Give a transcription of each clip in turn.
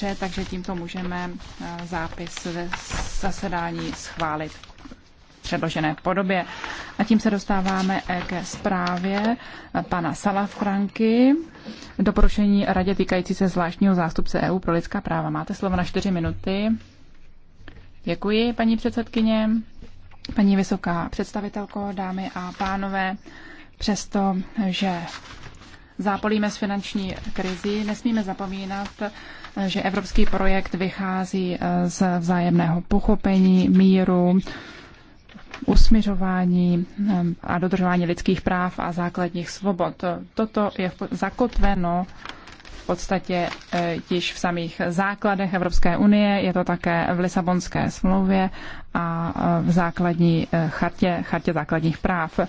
Dobře, takže tímto můžeme eh, zápis ze zasedání schválit v předložené podobě. A tím se dostáváme eh, ke zprávě eh, pana Salafranky. Doporučení radě týkající se zvláštního zástupce EU pro lidská práva. Máte slovo na čtyři minuty. Děkuji, paní předsedkyně, paní vysoká představitelko, dámy a pánové. Přesto, že zápolíme s finanční krizi, nesmíme zapomínat, že evropský projekt vychází eh, z vzájemného pochopení, míru, usmiřování eh, a dodržování lidských práv a základních svobod. Toto je zakotveno v podstatě eh, již v samých základech Evropské unie, je to také v Lisabonské smlouvě a v základní chartě, chartě základních práv.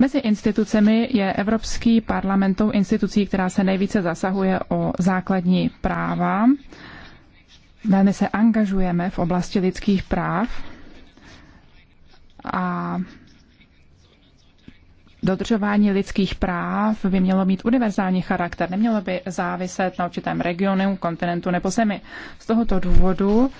Mezi institucemi je Evropský parlament tou institucí, která se nejvíce zasahuje o základní práva. Velmi se angažujeme v oblasti lidských práv a dodržování lidských práv by mělo mít univerzální charakter, nemělo by záviset na určitém regionu, kontinentu nebo zemi. Z tohoto důvodu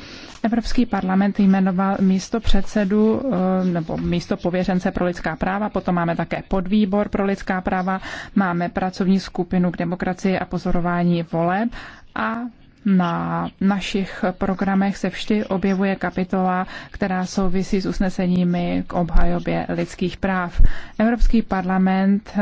Evropský parlament jmenoval místo předsedu eh, nebo místo pověřence pro lidská práva, potom máme také podvýbor pro lidská práva, máme pracovní skupinu k demokracii a pozorování voleb a na našich programech se vždy objevuje kapitola, která souvisí s usneseními k obhajobě lidských práv. Evropský parlament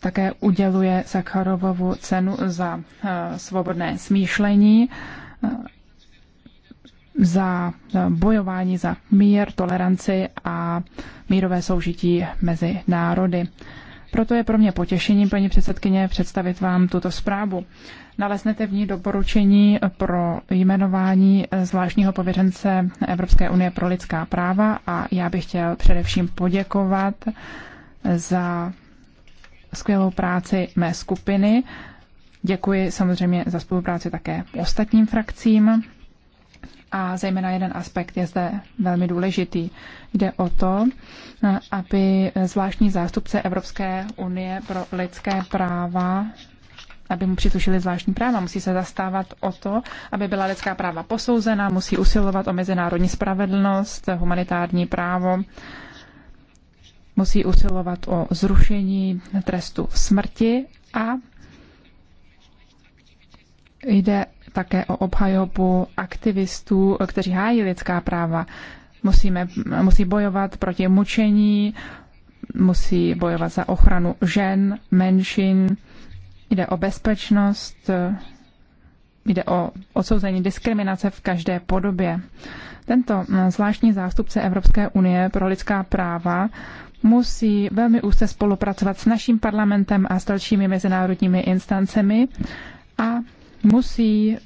také uděluje Sakharovovu cenu za eh, svobodné smýšlení, eh, za eh, bojování za mír, toleranci a mírové soužití mezi národy. Proto je pro mě potěšením, paní předsedkyně, představit vám tuto zprávu. Naleznete v ní doporučení pro jmenování zvláštního pověřence Evropské unie pro lidská práva a já bych chtěl především poděkovat za skvělou práci mé skupiny. Děkuji samozřejmě za spolupráci také ostatním frakcím. A zejména jeden aspekt je zde velmi důležitý. Jde o to, eh, aby zvláštní zástupce Evropské unie pro lidské práva aby mu přitušili zvláštní práva. Musí se zastávat o to, aby byla lidská práva posouzena, musí usilovat o mezinárodní spravedlnost, humanitární právo, musí usilovat o zrušení trestu smrti a jde také o obhajobu aktivistů, kteří hájí lidská práva. Musíme, musí bojovat proti mučení, musí bojovat za ochranu žen, menšin, jde o bezpečnost, jde o odsouzení diskriminace v každé podobě. Tento zvláštní zástupce Evropské unie pro lidská práva musí velmi úzce spolupracovat s naším parlamentem a s dalšími mezinárodními instancemi a musí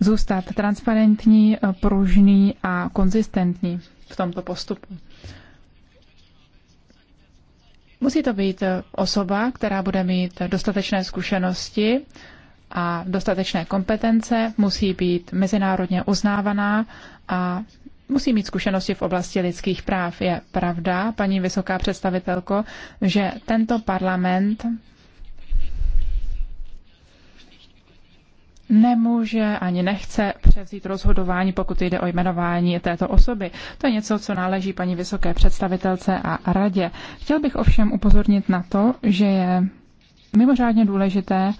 zůstat transparentní, pružný a konzistentní v tomto postupu. Musí to být osoba, která bude mít dostatečné zkušenosti a dostatečné kompetence, musí být mezinárodně uznávaná a musí mít zkušenosti v oblasti lidských práv. Je pravda, paní vysoká představitelko, že tento parlament nemůže ani nechce převzít rozhodování, pokud jde o jmenování této osoby. To je něco, co náleží paní vysoké představitelce a radě. Chtěl bych ovšem upozornit na to, že je mimořádně důležité,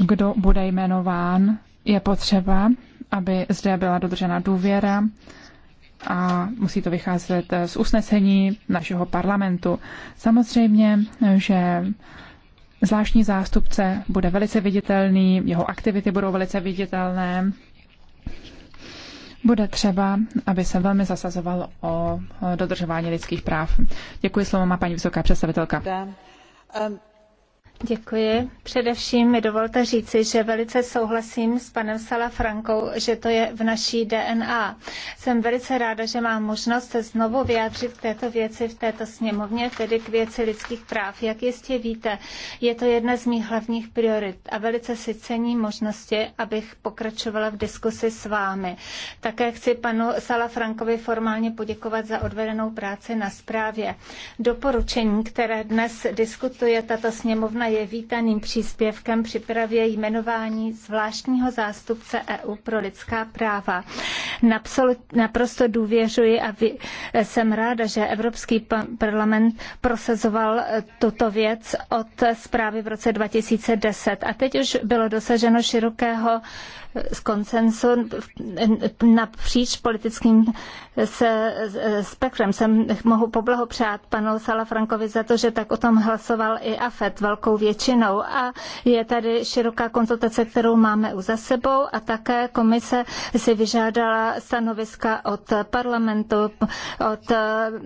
kdo bude jmenován. Je potřeba, aby zde byla dodržena důvěra a musí to vycházet z usnesení našeho parlamentu. Samozřejmě, že Zvláštní zástupce bude velice viditelný, jeho aktivity budou velice viditelné. Bude třeba, aby se velmi zasazoval o dodržování lidských práv. Děkuji slovo má paní vysoká představitelka. Děkuji. Především mi dovolte říci, že velice souhlasím s panem Salafrankou, že to je v naší DNA. Jsem velice ráda, že mám možnost se znovu vyjádřit k této věci v této sněmovně, tedy k věci lidských práv. Jak jistě víte, je to jedna z mých hlavních priorit a velice si cením možnosti, abych pokračovala v diskusi s vámi. Také chci panu Salafrankovi formálně poděkovat za odvedenou práci na zprávě. Doporučení, které dnes diskutuje tato sněmovna, reforma je vítaným příspěvkem při právě jmenování zvláštního zástupce EU pro lidská práva. naprosto důvěřuji a jsem ráda, že Evropský parlament prosazoval eh, tuto věc od zprávy v roce 2010. A teď už bylo dosaženo širokého eh, konsensu napříč politickým eh, spektrem. Jsem mohu poblahopřát panu Salafrankovi za to, že tak o tom hlasoval i AFET velkou velkou většinou. A je tady široká konzultace, kterou máme už za sebou a také komise si vyžádala stanoviska od parlamentu, od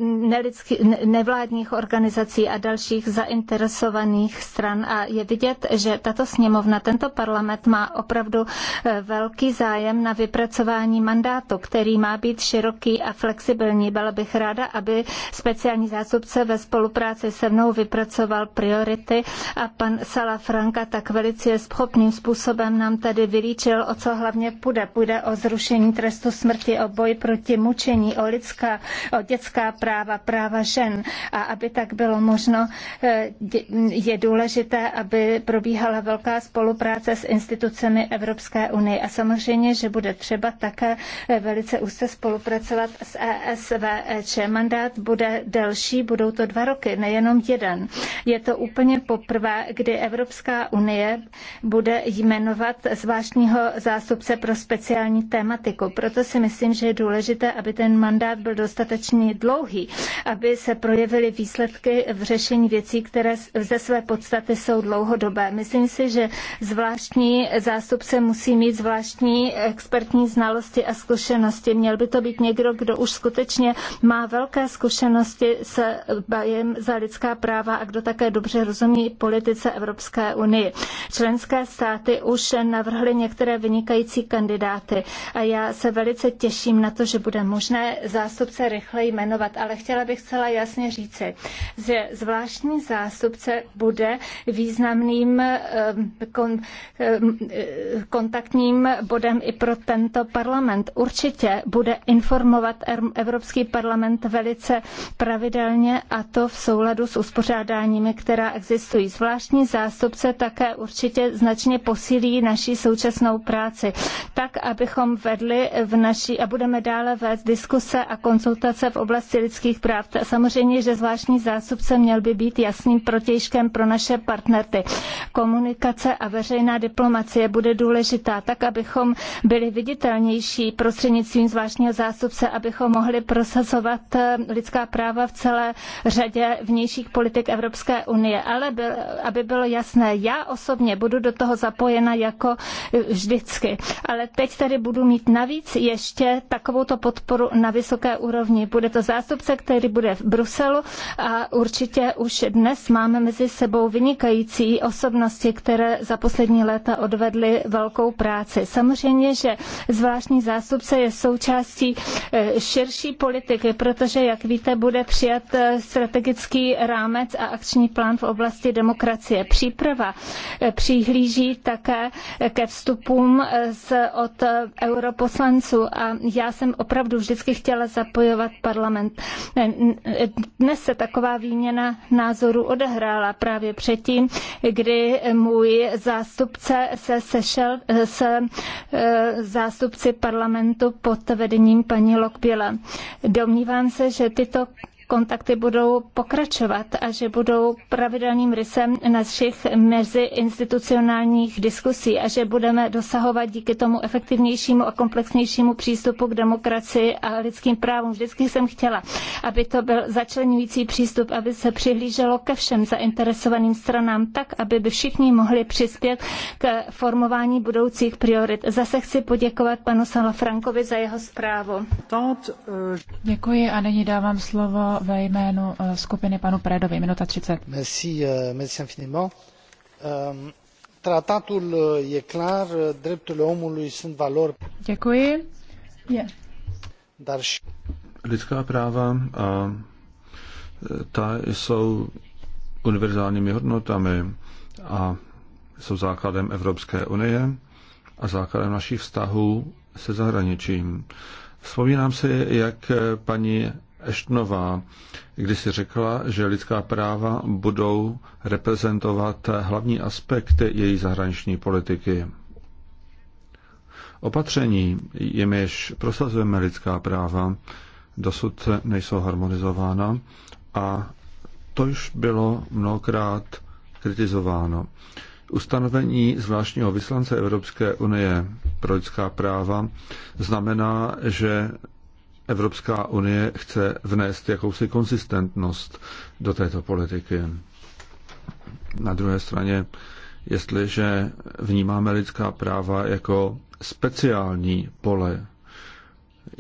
nelidský, nevládních organizací a dalších zainteresovaných stran. A je vidět, že tato sněmovna, tento parlament má opravdu eh, velký zájem na vypracování mandátu, který má být široký a flexibilní. Byla bych ráda, aby speciální zástupce ve spolupráci se mnou vypracoval priority a pan Salafranka tak velice schopným způsobem nám tady vylíčil, o co hlavně půjde. Půjde o zrušení trestu smrti, o boj proti mučení, o lidská, o dětská práva, práva žen. A aby tak bylo možno, eh, je důležité, aby probíhala velká spolupráce s institucemi Evropské unie. A samozřejmě, že bude třeba také eh, velice úzce spolupracovat s ESVČ. E Mandát bude delší, budou to dva roky, nejenom jeden. Je to úplně poprvé, 2, kdy Evropská unie bude jmenovat zvláštního zástupce pro speciální tématiku. Proto si myslím, že je důležité, aby ten mandát byl dostatečně dlouhý, aby se projevily výsledky v řešení věcí, které ze své podstaty jsou dlouhodobé. Myslím si, že zvláštní zástupce musí mít zvláštní expertní znalosti a zkušenosti. Měl by to být někdo, kdo už skutečně má velké zkušenosti s bajem za lidská práva a kdo také dobře rozumí politiku politice Evropské unie. Členské státy už navrhly některé vynikající kandidáty a já se velice těším na to, že bude možné zástupce rychle jmenovat, ale chtěla bych celá jasně říci, že zvláštní zástupce bude významným ehm, ehm, eh, kontaktním bodem i pro tento parlament. Určitě bude informovat er-, Evropský parlament velice pravidelně a to v souladu s uspořádáními, která existují. Zvláštní zvláštní zástupce také určitě značně posílí naší současnou práci, tak abychom vedli v naší a budeme dále vést diskuse a konzultace v oblasti lidských práv. Samozřejmě, že zvláštní zástupce měl by být jasným protějškem pro naše partnery. Komunikace a veřejná diplomacie bude důležitá, tak abychom byli viditelnější prostřednictvím zvláštního zástupce, abychom mohli prosazovat eh, lidská práva v celé řadě vnějších politik Evropské unie. Ale byl, aby bylo jasné, já osobně budu do toho zapojena jako eh, vždycky. Ale teď tady budu mít navíc ještě takovouto podporu na vysoké úrovni. Bude to zástupce, který bude v Bruselu a určitě už dnes máme mezi sebou vynikající osobnosti, které za poslední léta odvedly velkou práci. Samozřejmě, že zvláštní zástupce je součástí eh, širší politiky, protože, jak víte, bude přijat eh, strategický rámec a akční plán v oblasti demokracie demokracie. Příprava eh, přihlíží také eh, ke vstupům eh, z, od europoslanců a já jsem opravdu vždycky chtěla zapojovat parlament. Dnes se taková výměna názorů odehrála právě předtím, kdy můj zástupce se sešel s zástupci parlamentu pod vedením paní Lokběla. Domnívám se, že tyto kontakty budou pokračovat a že budou pravidelným rysem našich meziinstitucionálních diskusí a že budeme dosahovat díky tomu efektivnějšímu a komplexnějšímu přístupu k demokracii a lidským právům. Vždycky jsem chtěla, aby to byl začlenující přístup, aby se přihlíželo ke všem zainteresovaným stranám tak, aby by všichni mohli přispět k formování budoucích priorit. Zase chci poděkovat panu Salafrankovi za jeho zprávu. Uh, Děkuji a nyní dávám slovo ve jménu eh, skupiny panu Predovi. Minuta 30. Merci, eh, merci infiniment. Eh, tratatul e clar, drepturile omului sunt valori. Děkuji. Yeah. Dar Lidská práva a ta jsou univerzálními hodnotami a jsou základem Evropské unie a základem našich vztahů se zahraničím. Vzpomínám si, jak paní Eštnová, kdy si řekla, že lidská práva budou reprezentovat hlavní aspekt její zahraniční politiky. Opatření, jimiž prosazujeme lidská práva, dosud nejsou harmonizována a to už bylo mnohokrát kritizováno. Ustanovení zvláštního vyslance Evropské unie pro lidská práva znamená, že Evropská unie chce vnést jakousi konsistentnost do této politiky. Na druhé straně, jestliže vnímáme lidská práva jako speciální pole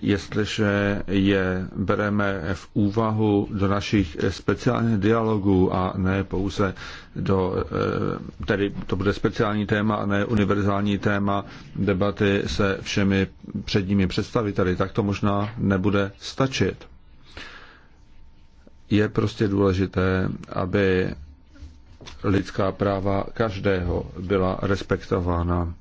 jestliže je bereme v úvahu do našich speciálních dialogů a ne pouze do, eh, tedy to bude speciální téma a ne univerzální téma debaty se všemi předními představiteli, tak to možná nebude stačit. Je prostě důležité, aby lidská práva každého byla respektována.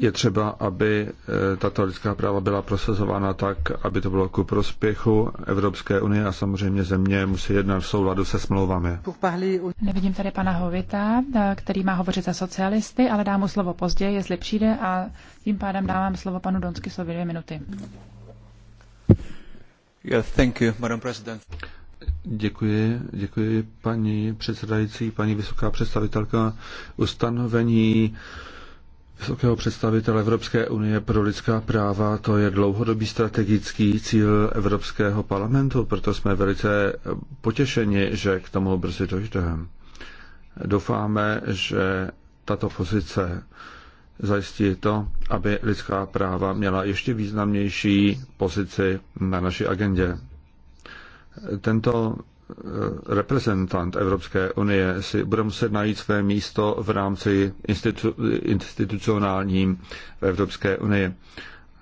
je třeba, aby eh, tato lidská práva byla prosazována tak, aby to bylo ku prospěchu Evropské unie a samozřejmě země musí jednat v souladu se smlouvami. Nevidím tady pana Hovita, eh, který má hovořit za socialisty, ale dám mu slovo později, jestli přijde a tím pádem dávám slovo panu Donskysovi dvě minuty. Yeah, thank you, Madam President. Děkuji, děkuji paní předsedající, paní vysoká představitelka. Ustanovení uh, vysokého představitele Evropské unie pro lidská práva, to je dlouhodobý strategický cíl Evropského parlamentu, proto jsme velice potěšeni, že k tomu brzy dojde. Doufáme, že tato pozice zajistí to, aby lidská práva měla ještě významnější pozici na naší agendě. Tento Eh, reprezentant Evropské unie si bude muset najít své místo v rámci institu, institucionálním v Evropské unii.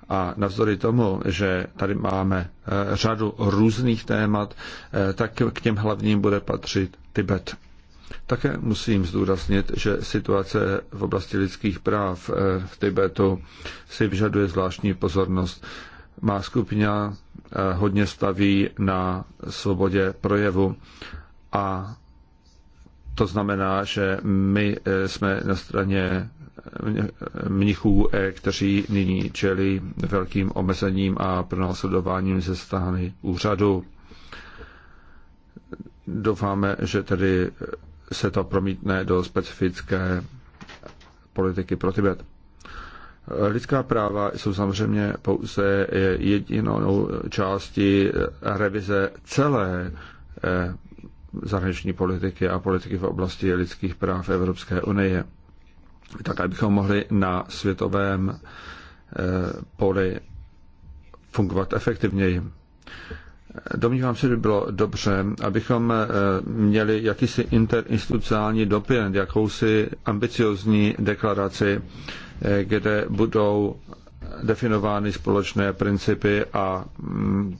A navzdory tomu, že tady máme eh, řadu různých témat, eh, tak k těm hlavním bude patřit Tibet. Také musím zdůraznit, že situace v oblasti lidských práv v Tibetu si vyžaduje zvláštní pozornost. Má skupina Eh, hodně staví na svobodě projevu. A to znamená, že my eh, jsme na straně eh, mnichů, kteří nyní čelí velkým omezením a pronásledováním ze strany úřadu. Doufáme, že tedy se to promítne do specifické politiky pro Tibet. Lidská práva jsou samozřejmě pouze jedinou částí revize celé eh, zahraniční politiky a politiky v oblasti lidských práv Evropské unie. Tak, abychom mohli na světovém eh, poli fungovat efektivněji. Domnívám se, že by bylo dobře, abychom eh, měli jakýsi interinstitucionální dopěn, jakousi ambiciozní deklaraci Eh, kde budou definovány společné principy a mm,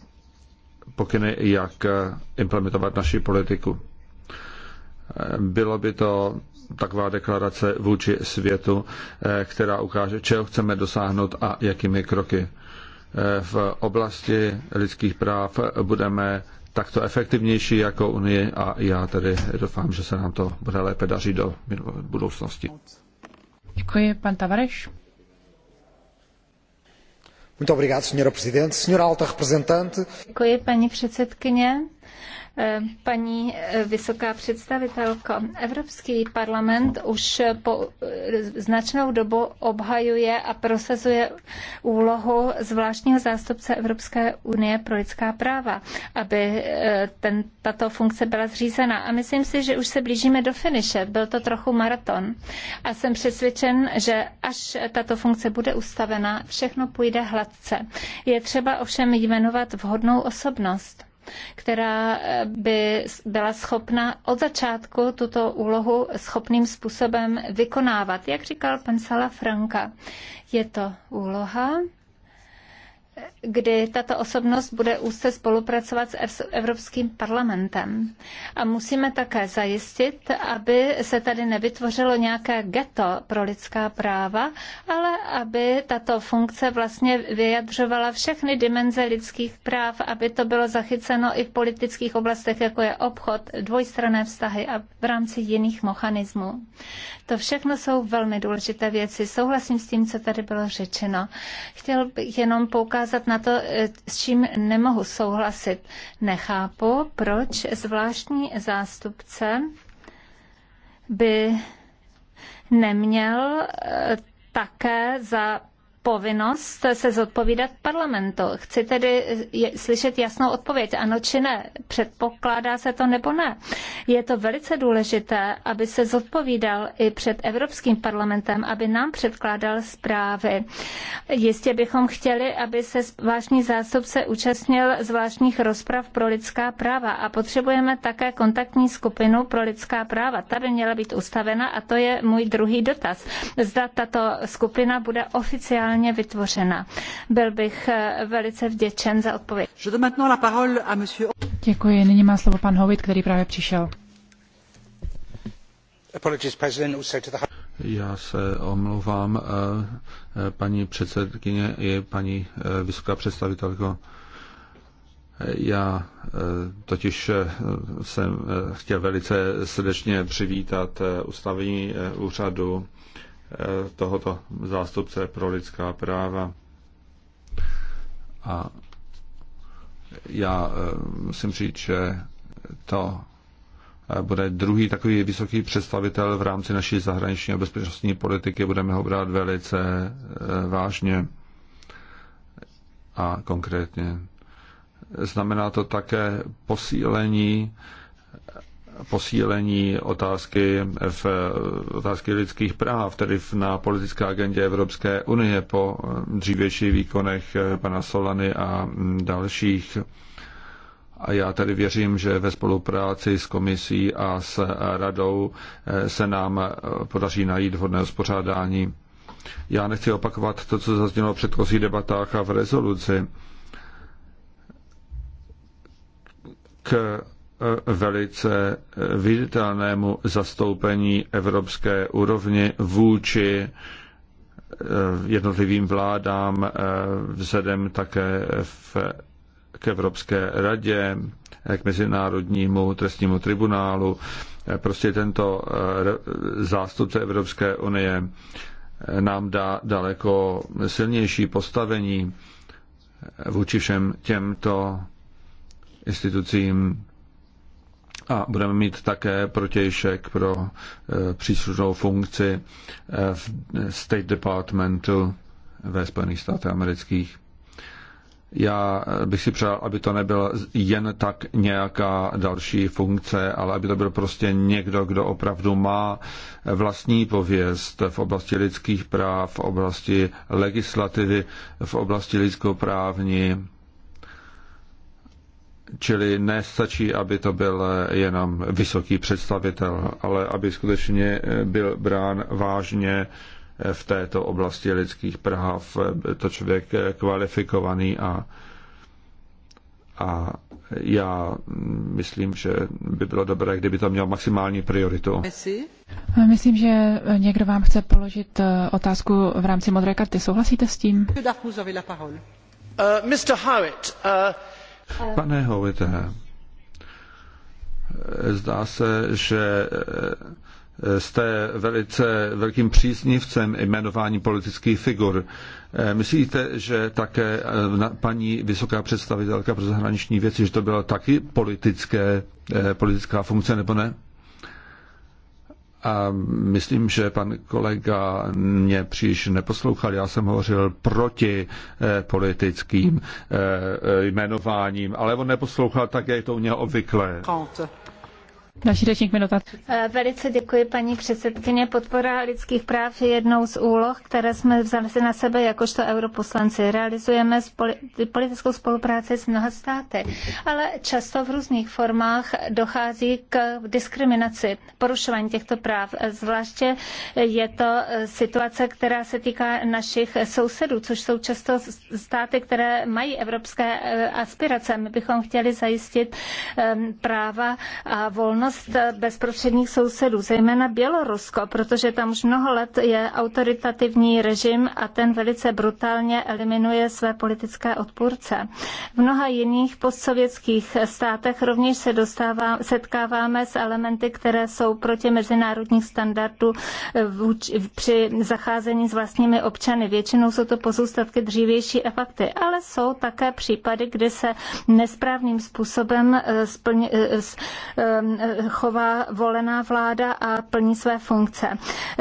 pokyny, jak eh, implementovat naši politiku. Eh, bylo by to taková deklarace vůči světu, která ukáže, čeho chceme dosáhnout a jakými kroky. V oblasti lidských práv budeme takto efektivnější jako Unie a já tedy doufám, že se nám to bude lépe dařit do budoucnosti. Děkuji, pan Tavareš. Děkuji, paní předsedkyně. Paní eh, vysoká představitelko, Evropský parlament už po eh, značnou dobu obhajuje a prosazuje úlohu zvláštního zástupce Evropské unie pro lidská práva, aby eh, ten, tato funkce byla zřízena. A myslím si, že už se blížíme do finiše. Byl to trochu maraton. A jsem přesvědčen, že až tato funkce bude ustavena, všechno půjde hladce. Je třeba ovšem jmenovat vhodnou osobnost která eh, by byla schopna od začátku tuto úlohu schopným způsobem vykonávat. Jak říkal pan Sala Franka, je to úloha, kdy tato osobnost bude úzce spolupracovat s Evropským parlamentem. A musíme také zajistit, aby se tady nevytvořilo nějaké ghetto pro lidská práva, ale aby tato funkce vlastně vyjadřovala všechny dimenze lidských práv, aby to bylo zachyceno i v politických oblastech, jako je obchod, dvojstranné vztahy a v rámci jiných mechanismů. To všechno jsou velmi důležité věci. Souhlasím s tím, co tady bylo řečeno. Chtěl bych jenom poukázat poukázat na to, eh, s čím nemohu souhlasit. Nechápu, proč zvláštní zástupce by neměl eh, také za povinnost se zodpovídat parlamentu. Chci tedy slyšet jasnou odpověď, ano či ne. Předpokládá se to nebo ne. Je to velice důležité, aby se zodpovídal i před Evropským parlamentem, aby nám předkládal zprávy. Jistě bychom chtěli, aby se zvláštní zástupce účastnil zvláštních rozprav pro lidská práva a potřebujeme také kontaktní skupinu pro lidská práva. Ta by měla být ustavena a to je můj druhý dotaz. Zda tato skupina bude oficiálně speciálně vytvořena. Byl bych eh, velice vděčen za odpověď. Děkuji. Nyní má slovo pan Hovit, který právě přišel. Já se omlouvám, eh, eh, paní předsedkyně i paní vysoká představitelko. Já totiž jsem chtěl velice srdečně přivítat ustavení úřadu Eh, tohoto zástupce pro lidská práva. A já eh, musím říct, že to eh, bude druhý takový vysoký představitel v rámci naší zahraniční a bezpečnostní politiky. Budeme ho brát velice vážně a konkrétně. Znamená to také posílení posílení otázky, v, otázky lidských práv, tedy na politické agendě Evropské unie po dřívějších výkonech pana Solany a dalších. A já tedy věřím, že ve spolupráci s komisí a s radou se nám podaří najít vhodné uspořádání. Já nechci opakovat to, co zaznělo v předchozích debatách a v rezoluci. K velice viditelnému zastoupení evropské úrovni vůči eh, jednotlivým vládám, eh, vzhledem také v, k Evropské radě, eh, k Mezinárodnímu trestnímu tribunálu. Prostě tento zástupce Evropské unie nám dá daleko silnější postavení vůči všem těmto institucím a budeme mít také protějšek pro eh, příslušnou funkci eh, v eh, State Departmentu ve Spojených státech amerických. Já bych si přál, aby to nebyla jen tak nějaká další funkce, ale aby to byl prostě někdo, kdo opravdu má vlastní pověst v oblasti lidských práv, v oblasti legislativy, v oblasti lidskoprávní, Čili nestačí, aby to byl jenom vysoký představitel, ale aby skutečně byl brán vážně v této oblasti lidských práv. To člověk kvalifikovaný a, a já myslím, že by bylo dobré, kdyby to měl maximální prioritu. Myslím, že někdo vám chce položit eh, otázku v rámci modré karty. Souhlasíte s tím? Uh, Mr. Howitt, uh... Eh. Pane Hovite, zdá se, že eh, jste velice velkým příznivcem jmenování politických figur. Eh, myslíte, že také paní vysoká představitelka pro zahraniční věci, že to byla taky politické, politická funkce, nebo ne? A myslím, že pan kolega mě příliš neposlouchal. Já jsem hovořil proti eh, politickým eh, eh, jmenováním, ale on neposlouchal tak, jak je to u něho obvyklé. Další řečník minuta. Eh, velice děkuji, paní předsedkyně. Podpora lidských práv je jednou z úloh, které jsme vzali si na sebe jakožto europoslanci. Realizujeme politickou spolupráci s mnoha státy, ale často v různých formách dochází k diskriminaci, porušování těchto práv. Zvláště je to eh, situace, která se týká našich sousedů, což jsou často státy, které mají evropské eh, aspirace. My bychom chtěli zajistit práva a volnost pozornost bezprostředních sousedů, zejména Bělorusko, protože tam už mnoho let je autoritativní režim a ten velice brutálně eliminuje své politické odpůrce. V mnoha jiných postsovětských státech rovněž se dostává, setkáváme s elementy, které jsou proti mezinárodních standardů eh, při zacházení s vlastními občany. Většinou jsou to pozůstatky dřívější efekty, ale jsou také případy, kdy se nesprávným způsobem eh, splň, eh, chová volená vláda a plní své funkce.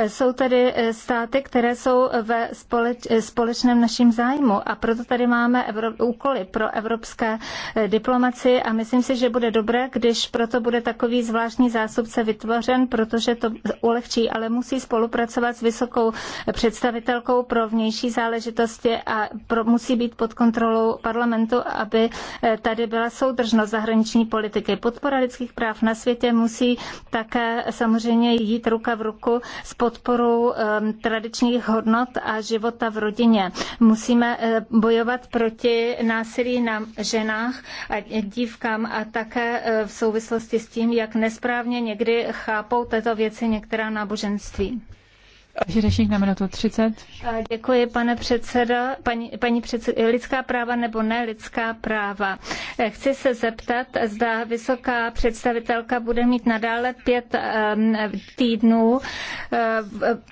Jsou tady státy, které jsou ve společ, společném našem zájmu a proto tady máme Evro- úkoly pro evropské eh, diplomaci a myslím si, že bude dobré, když proto bude takový zvláštní zásobce vytvořen, protože to ulehčí, ale musí spolupracovat s vysokou představitelkou pro vnější záležitosti a pro, musí být pod kontrolou parlamentu, aby eh, tady byla soudržnost zahraniční politiky. Podpora lidských práv na světě světě musí také samozřejmě jít ruka v ruku s podporou tradičních hodnot a života v rodině. Musíme eh, bojovat proti násilí na ženách a dívkám a také eh, v souvislosti s tím, jak nesprávně někdy chápou této věci některá náboženství. Řečník na minutu 30. Děkuji, pane předseda. Paní, paní předsed, lidská práva nebo ne lidská práva. Chci se zeptat, zda vysoká představitelka bude mít nadále pět týdnů eh,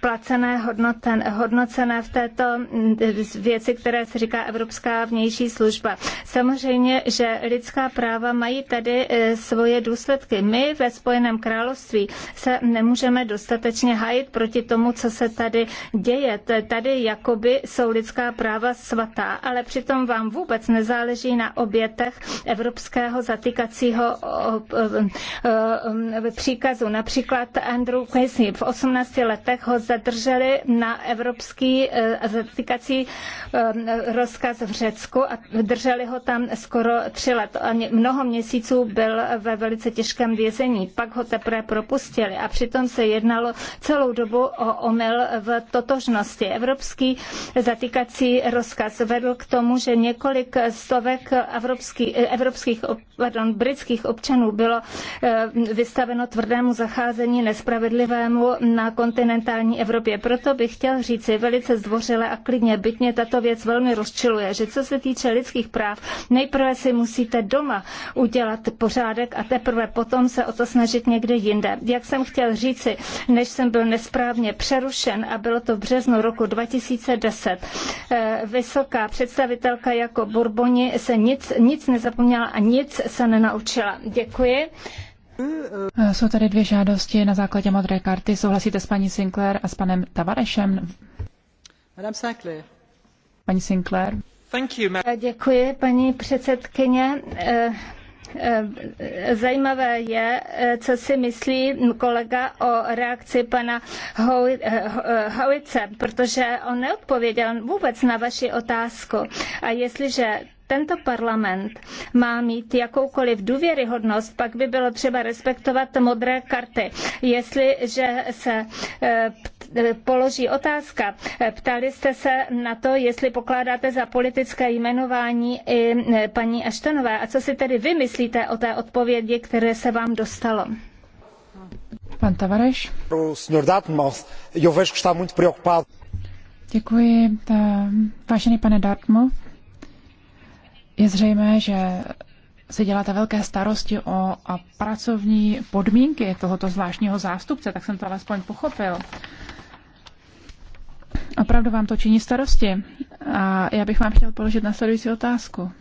placené hodnoten, hodnocené v této mm, věci, které se říká Evropská vnější služba. Samozřejmě, že lidská práva mají tady eh, svoje důsledky. My ve Spojeném království se nemůžeme dostatečně hájit proti tomu, co se tady děje. Tady jakoby jsou lidská práva svatá, ale přitom vám vůbec nezáleží na obětech evropského zatýkacího příkazu. Například Andrew Casey v 18 letech ho zadrželi na evropský e, zatýkací e, rozkaz v Řecku a drželi ho tam skoro tři let. A mnoho měsíců byl ve velice těžkém vězení. Pak ho teprve propustili a přitom se jednalo celou dobu o omezení omyl v totožnosti. Evropský zatýkací rozkaz vedl k tomu, že několik stovek evropský, evropských, pardon, britských občanů bylo eh, vystaveno tvrdému zacházení nespravedlivému na kontinentální Evropě. Proto bych chtěl říci velice zdvořile a klidně, byť mě tato věc velmi rozčiluje, že co se týče lidských práv, nejprve si musíte doma udělat pořádek a teprve potom se o to snažit někde jinde. Jak jsem chtěl říci, než jsem byl nesprávně přerušen, zrušen a bylo to v březnu roku 2010. Eh, vysoká představitelka jako Bourboni se nic, nic nezapomněla a nic se nenaučila. Děkuji. Eh, jsou tady dvě žádosti na základě modré karty. Souhlasíte s paní Sinclair a s panem Tavarešem? Madame Sinclair. Paní Sinclair. Eh, děkuji, paní předsedkyně. Eh, zajímavé je, eh, co si myslí kolega o reakci pana eh, Howice, protože on neodpověděl vůbec na vaši otázku. A jestliže tento parlament má mít jakoukoliv důvěryhodnost, pak by bylo třeba respektovat modré karty. Jestliže se položí otázka. Ptali jste se na to, jestli pokládáte za politické jmenování i e, paní Aštonové. A co si tedy vy myslíte o té odpovědi, které se vám dostalo? Pan Tavareš. Děkuji. Vážený pane Dartmouth, je zřejmé, že si děláte velké starosti o pracovní podmínky tohoto zvláštního zástupce, tak jsem to alespoň pochopil. Opravdu vám to činí starosti. A já bych vám chtěl položit následující otázku.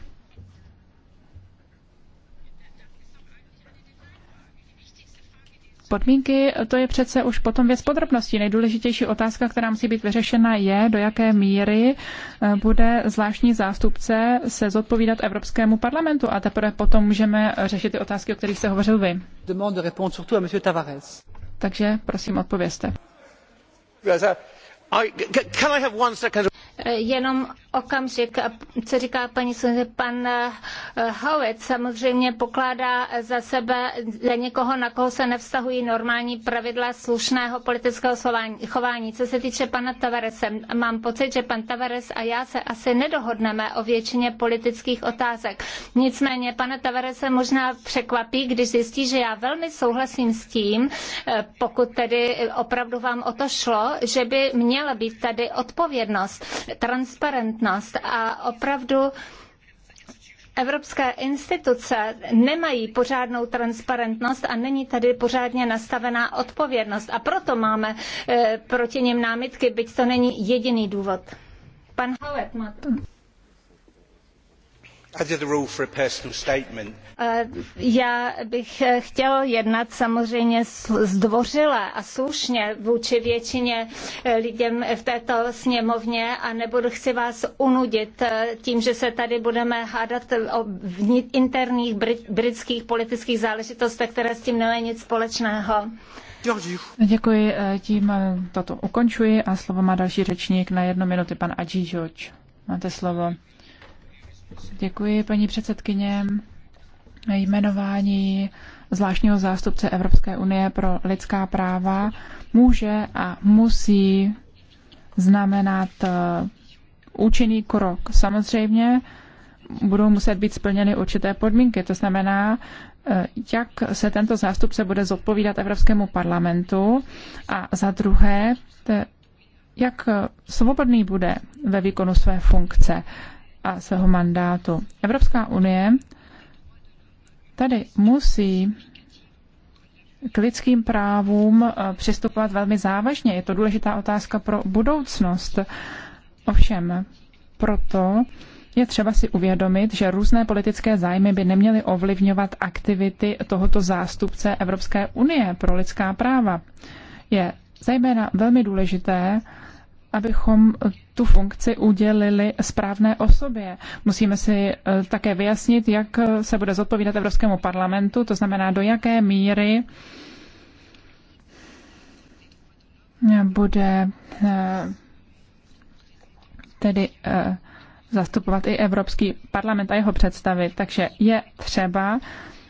Podmínky, to je přece už potom věc podrobností. Nejdůležitější otázka, která musí být vyřešena, je, do jaké míry eh, bude zvláštní zástupce se zodpovídat Evropskému parlamentu a teprve potom můžeme řešit ty otázky, o kterých jste hovořil vy. Takže prosím, odpovězte. Jenom okamžik, co říká paní Sunze, pan eh, Howitt samozřejmě pokládá za sebe, za někoho, na koho se nevztahují normální pravidla slušného politického chování. Co se týče pana Tavarese, mám pocit, že pan Tavares a já se asi nedohodneme o většině politických otázek. Nicméně pana Tavarese možná překvapí, když zjistí, že já velmi souhlasím s tím, eh, pokud tedy opravdu vám o to šlo, že by měla být tady odpovědnost, transparentnost, transparentnost a opravdu Evropské instituce nemají pořádnou transparentnost a není tady pořádně nastavená odpovědnost. A proto máme eh, proti nim námitky, byť to není jediný důvod. Pan Howard máte. Eh, já bych eh, chtěl jednat samozřejmě zdvořile a slušně vůči většině eh, lidem v této sněmovně a nebudu si vás unudit tím, že se tady budeme hádat o interních britských politických záležitostech, které s tím nemají nic společného. Děkuji, tím toto ukončuji a slovo má další řečník na jednu minutu, pan George. Máte slovo. Děkuji, paní předsedkyně. Jmenování zvláštního zástupce Evropské unie pro lidská práva může a musí znamenat eh, účinný krok. Samozřejmě budou muset být splněny určité podmínky. To znamená, eh, jak se tento zástupce bude zodpovídat Evropskému parlamentu a za druhé, jak svobodný bude ve výkonu své funkce a svého mandátu. Evropská unie tady musí k lidským právům eh, přistupovat velmi závažně. Je to důležitá otázka pro budoucnost. Ovšem, proto je třeba si uvědomit, že různé politické zájmy by neměly ovlivňovat aktivity tohoto zástupce Evropské unie pro lidská práva. Je zejména velmi důležité, abychom tu funkci udělili správné osobě. Musíme si eh, také vyjasnit, jak eh, se bude zodpovídat Evropskému parlamentu, to znamená, do jaké míry eh, bude tedy zastupovat i Evropský parlament a jeho představy. Takže je třeba,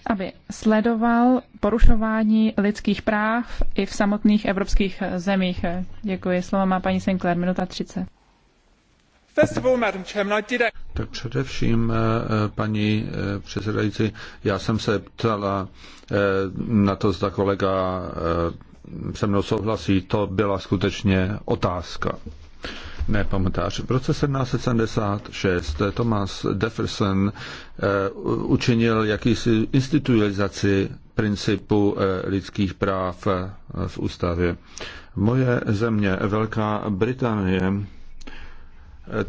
aby sledoval porušování lidských práv i v samotných evropských zemích. Děkuji. Slovo má paní Sinclair, minuta 30. Tak především, eh, eh, paní eh, předsedající, já jsem se ptala na to, zda kolega se mnou souhlasí, to byla skutečně otázka. Ne, pamatář. V roce 1776 Thomas Jefferson učinil jakýsi institucionalizaci principu lidských práv v ústavě. Moje země, Velká Británie,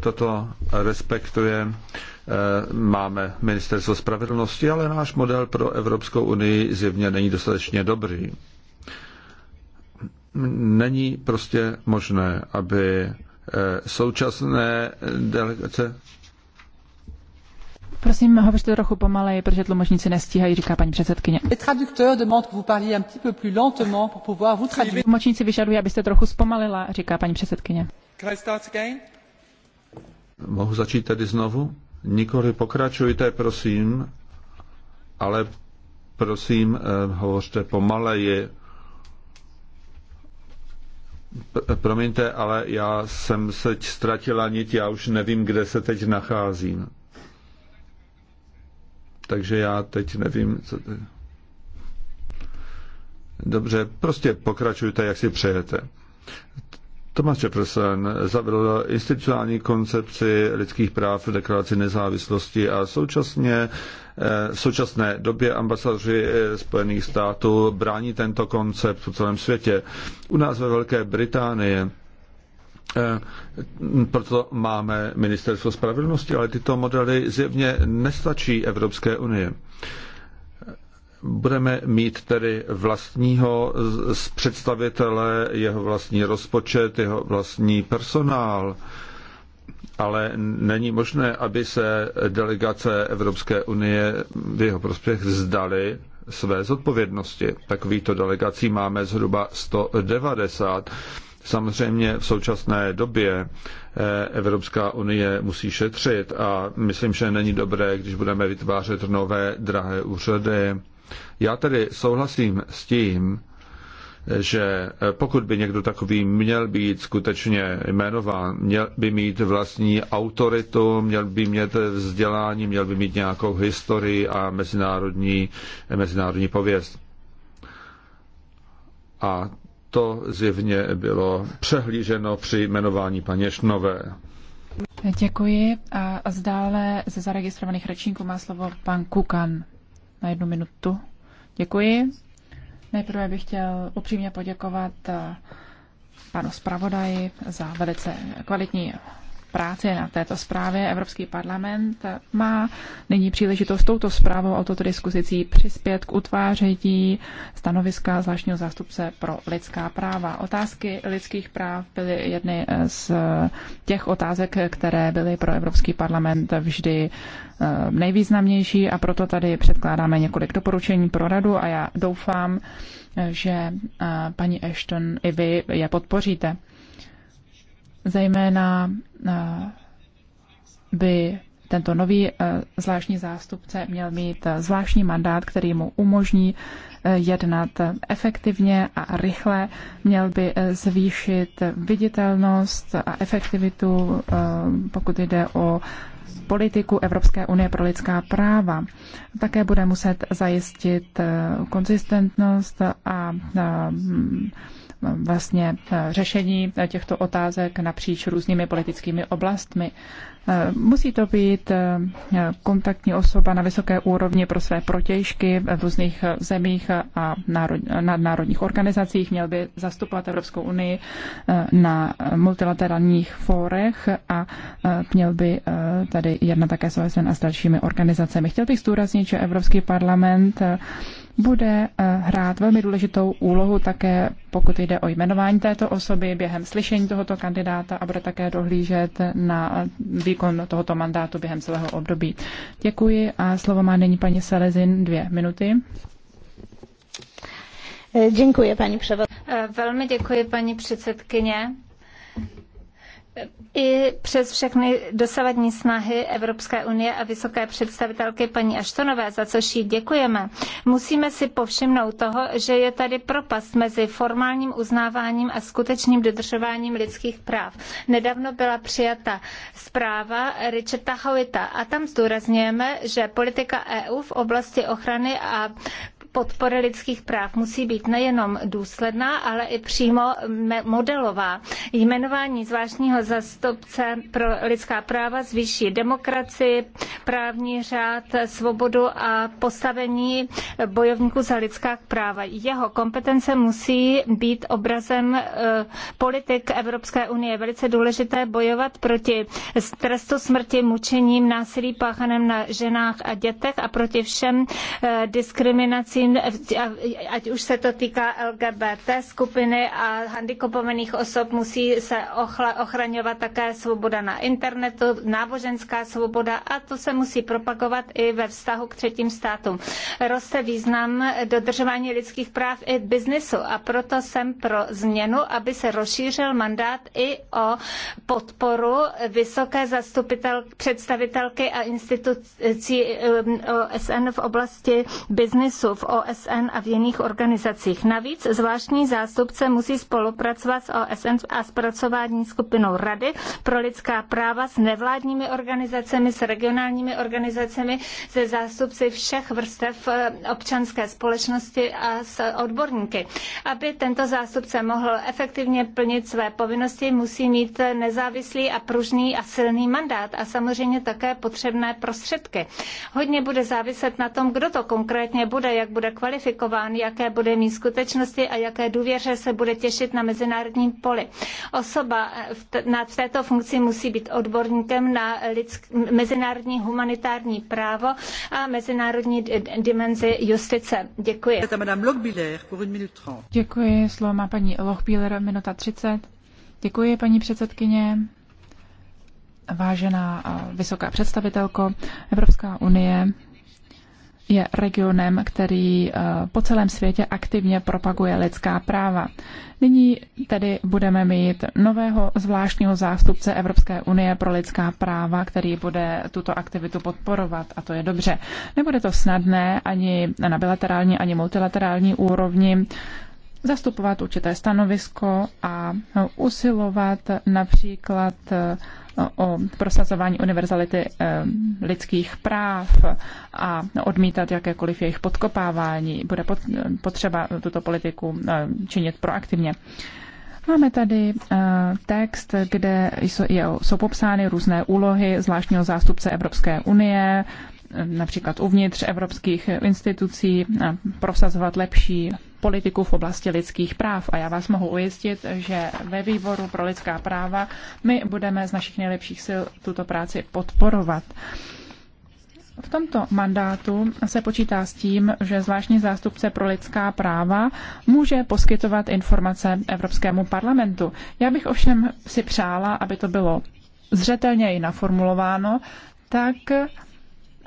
toto respektuje. Eh, máme ministerstvo spravedlnosti, ale náš model pro Evropskou unii zjevně není dostatečně dobrý. Není prostě možné, aby eh, současné delegace. Prosím, hovořte trochu pomaleji, protože tlumočníci nestíhají, říká paní předsedkyně. Tlumočníci vyžadují, abyste trochu zpomalila, říká paní předsedkyně. Mohu začít tedy znovu? Nikoli pokračujte, prosím, ale prosím, eh, hovořte pomaleji. Eh, promiňte, ale já jsem se ztratila nit, já už nevím, kde se teď nacházím. Takže já teď nevím, co to Dobře, prostě pokračujte, jak si přejete. Thomas Jefferson zavedl institucionální koncepci lidských práv v deklaraci nezávislosti a současně eh, v současné době ambasadoři eh, Spojených států brání tento koncept po celém světě. U nás ve Velké Británii eh, proto máme ministerstvo spravedlnosti, ale tyto modely zjevně nestačí Evropské unie budeme mít tedy vlastního z představitele, jeho vlastní rozpočet, jeho vlastní personál, ale není možné, aby se delegace Evropské unie v jeho prospěch zdali své zodpovědnosti. Takovýchto delegací máme zhruba 190. Samozřejmě v současné době eh, Evropská unie musí šetřit a myslím, že není dobré, když budeme vytvářet nové drahé úřady já tedy souhlasím s tím, že pokud by někdo takový měl být skutečně jmenován, měl by mít vlastní autoritu, měl by mít vzdělání, měl by mít nějakou historii a mezinárodní, mezinárodní pověst. A to zjevně bylo přehlíženo při jmenování Šnové. Děkuji a zdále ze zaregistrovaných rečníků má slovo pan Kukan na jednu minutu. Děkuji. Nejprve bych chtěl upřímně poděkovat eh, panu zpravodaji za velice kvalitní práci na této zprávě. Evropský parlament má nyní příležitost touto zprávou a toto diskuzicí přispět k utváření stanoviska zvláštního zástupce pro lidská práva. Otázky lidských práv byly jedny z těch otázek, které byly pro Evropský parlament vždy eh, nejvýznamnější a proto tady předkládáme několik doporučení pro radu a já doufám, že eh, paní Ashton i vy je podpoříte. Zejména eh, by tento nový eh, zvláštní zástupce měl mít eh, zvláštní mandát, který mu umožní jednat efektivně a rychle, měl by zvýšit viditelnost a efektivitu, pokud jde o politiku Evropské unie pro lidská práva. Také bude muset zajistit konzistentnost a vlastně eh, řešení eh, těchto otázek napříč různými politickými oblastmi. Eh, musí to být kontaktní osoba na vysoké úrovni pro své protějšky v různých zemích a nadnárodních organizacích. Měl by zastupovat Evropskou unii na multilaterálních fórech a měl by tady jedna také s OSN a s dalšími organizacemi. Chtěl bych zdůraznit, že Evropský parlament bude eh, hrát velmi důležitou úlohu také, pokud jde o jmenování této osoby během slyšení tohoto kandidáta a bude také dohlížet na eh, výkon tohoto mandátu během celého období. Děkuji a slovo má nyní paní Selezin dvě minuty. Eh, děkuji, paní předsedkyně. Velmi děkuji, paní předsedkyně i přes všechny dosavadní snahy Evropské unie a vysoké představitelky paní Aštonové, za což jí děkujeme, musíme si povšimnout toho, že je tady propast mezi formálním uznáváním a skutečným dodržováním lidských práv. Nedávno byla přijata zpráva Richarda Howita a tam zdůrazňujeme, že politika EU v oblasti ochrany a podpora lidských práv musí být nejenom důsledná, ale i přímo modelová. Jmenování zvláštního zastupce pro lidská práva zvýší demokracii, právní řád, svobodu a postavení bojovníků za lidská práva. Jeho kompetence musí být obrazem eh, politik Evropské unie. Je velice důležité bojovat proti trestu smrti, mučením, násilí páchaném na ženách a dětech a proti všem eh, diskriminacím tím, ať už se to týká LGBT skupiny a handicapovaných osob, musí se ochraňovat také svoboda na internetu, náboženská svoboda a to se musí propagovat i ve vztahu k třetím státům. Roste význam dodržování lidských práv i biznesu a proto jsem pro změnu, aby se rozšířil mandát i o podporu vysoké zastupitel, představitelky a institucí um, OSN v oblasti biznesu, v OSN a v jiných organizacích. Navíc zvláštní zástupce musí spolupracovat s OSN a s pracování skupinou Rady pro lidská práva s nevládními organizacemi, s regionálními organizacemi, se zástupci všech vrstev eh, občanské společnosti a s odborníky. Aby tento zástupce mohl efektivně plnit své povinnosti, musí mít nezávislý a pružný a silný mandát a samozřejmě také potřebné prostředky. Hodně bude záviset na tom, kdo to konkrétně bude, jak bude bude kvalifikován, jaké bude mít skutečnosti a jaké důvěře se bude těšit na mezinárodním poli. Osoba v, na, této funkci musí být odborníkem na lidsk, mezinárodní humanitární právo a mezinárodní dimenzi justice. Děkuji. Děkuji, slovo má paní Lochbíler, minuta 30. Děkuji, paní předsedkyně. Vážená vysoká představitelko, Evropská unie je regionem, který eh, po celém světě aktivně propaguje lidská práva. Nyní tedy budeme mít nového zvláštního zástupce Evropské unie pro lidská práva, který bude tuto aktivitu podporovat a to je dobře. Nebude to snadné ani na bilaterální, ani multilaterální úrovni zastupovat určité stanovisko a usilovat například eh, o prosazování univerzality eh, lidských práv a odmítat jakékoliv jejich podkopávání. Bude potřeba tuto politiku eh, činit proaktivně. Máme tady eh, text, kde jsou popsány různé úlohy zvláštního zástupce Evropské unie, například uvnitř evropských institucí, prosazovat lepší politiku v oblasti lidských práv. A já vás mohu ujistit, že ve výboru pro lidská práva my budeme z našich nejlepších sil tuto práci podporovat. V tomto mandátu se počítá s tím, že zvláštní zástupce pro lidská práva může poskytovat informace Evropskému parlamentu. Já bych ovšem si přála, aby to bylo zřetelněji naformulováno, tak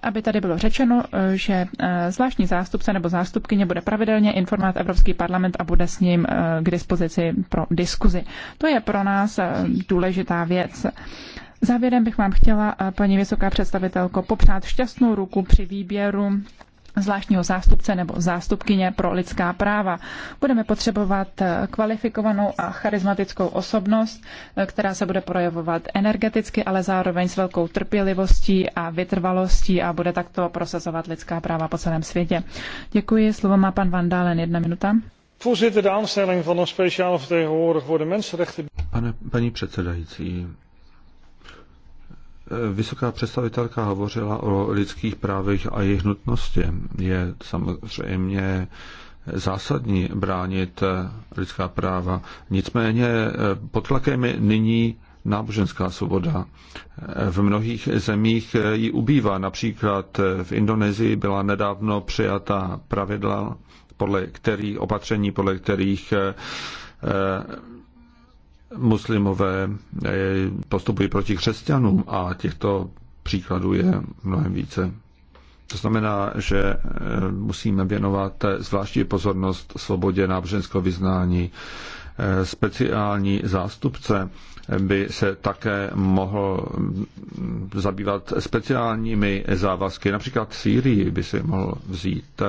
aby tady bylo řečeno, eh, že eh, zvláštní zástupce nebo zástupkyně bude pravidelně informovat Evropský parlament a bude s ním eh, k dispozici pro diskuzi. To je pro nás důležitá věc. Závěrem bych vám chtěla, paní vysoká představitelko, popřát šťastnou ruku při výběru zvláštního zástupce nebo zástupkyně pro lidská práva. Budeme potřebovat kvalifikovanou a charismatickou osobnost, která se bude projevovat energeticky, ale zároveň s velkou trpělivostí a vytrvalostí a bude takto prosazovat lidská práva po celém světě. Děkuji, slovo má pan Van Dalen, jedna minuta. Voorzitter, de aanstelling van een speciale vertegenwoordiger voor de mensenrechten. Pane, paní předsedající, Vysoká představitelka hovořila o lidských právech a jejich nutnosti. Je samozřejmě zásadní bránit lidská práva. Nicméně pod tlakem je nyní náboženská svoboda. V mnohých zemích ji ubývá. Například v Indonésii byla nedávno přijata pravidla, podle kterých opatření, podle kterých eh, muslimové eh, postupují proti křesťanům a těchto příkladů je mnohem více. To znamená, že eh, musíme věnovat zvláštní pozornost svobodě náboženského vyznání. Eh, speciální zástupce by se také mohl mm, zabývat speciálními závazky. Například Sýrii by si mohl vzít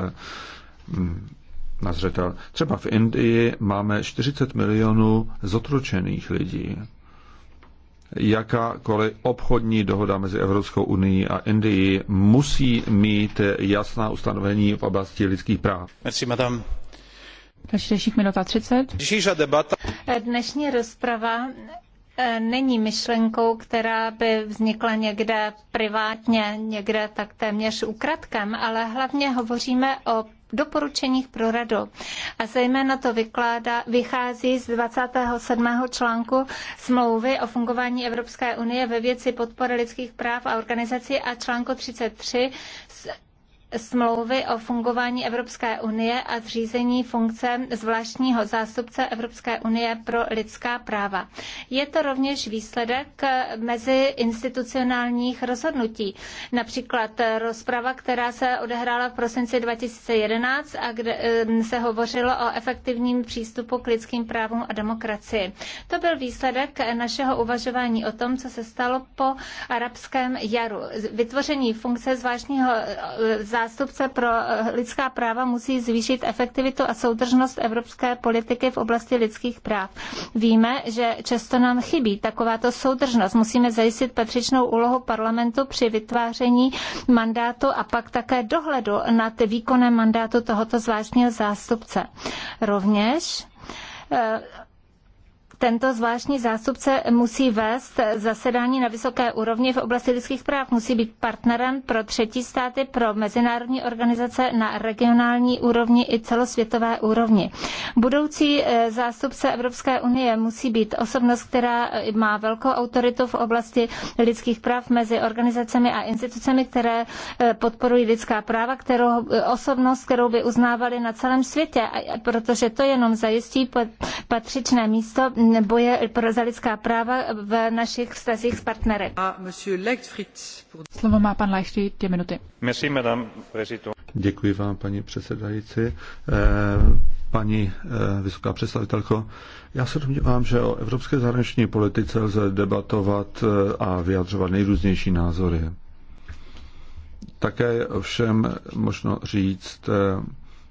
na zřetel. Třeba v Indii máme 40 milionů zotročených lidí. Jakákoliv obchodní dohoda mezi Evropskou unii a Indii musí mít jasná ustanovení v oblasti lidských práv. Merci, madame. Další minuta 30. debata. Dnešní rozprava e, není myšlenkou, která by vznikla někde privátně, někde tak téměř ukradkem, ale hlavně hovoříme o doporučeních pro radu. A zejména to vykládá, vychází z 27. článku smlouvy o fungování Evropské unie ve věci podpory lidských práv a organizací a článku 33 smlouvy o fungování Evropské unie a zřízení funkce zvláštního zástupce Evropské unie pro lidská práva. Je to rovněž výsledek mezi institucionálních rozhodnutí. Například rozprava, která se odehrála v prosinci 2011 a kde se hovořilo o efektivním přístupu k lidským právům a demokracii. To byl výsledek našeho uvažování o tom, co se stalo po arabském jaru. Vytvoření funkce zvláštního zástupce zástupce pro eh, lidská práva musí zvýšit efektivitu a soudržnost evropské politiky v oblasti lidských práv. Víme, že často nám chybí takováto soudržnost. Musíme zajistit patřičnou úlohu parlamentu při vytváření mandátu a pak také dohledu nad výkonem mandátu tohoto zvláštního zástupce. Rovněž eh, tento zvláštní zástupce musí vést zasedání na vysoké úrovni v oblasti lidských práv, musí být partnerem pro třetí státy, pro mezinárodní organizace na regionální úrovni i celosvětové úrovni. Budoucí eh, zástupce Evropské unie musí být osobnost, která eh, má velkou autoritu v oblasti lidských práv mezi organizacemi a institucemi, které eh, podporují lidská práva, kterou, osobnost, kterou by uznávali na celém světě, protože to jenom zajistí patřičné místo boje za lidská práva v našich vztazích s partnery. Slovo má pan Leichtfried, dvě minuty. Děkuji vám, paní předsedající. Eh, paní eh, vysoká představitelko, já se domnívám, že o evropské zahraniční politice lze debatovat eh, a vyjadřovat nejrůznější názory. Také všem možno říct,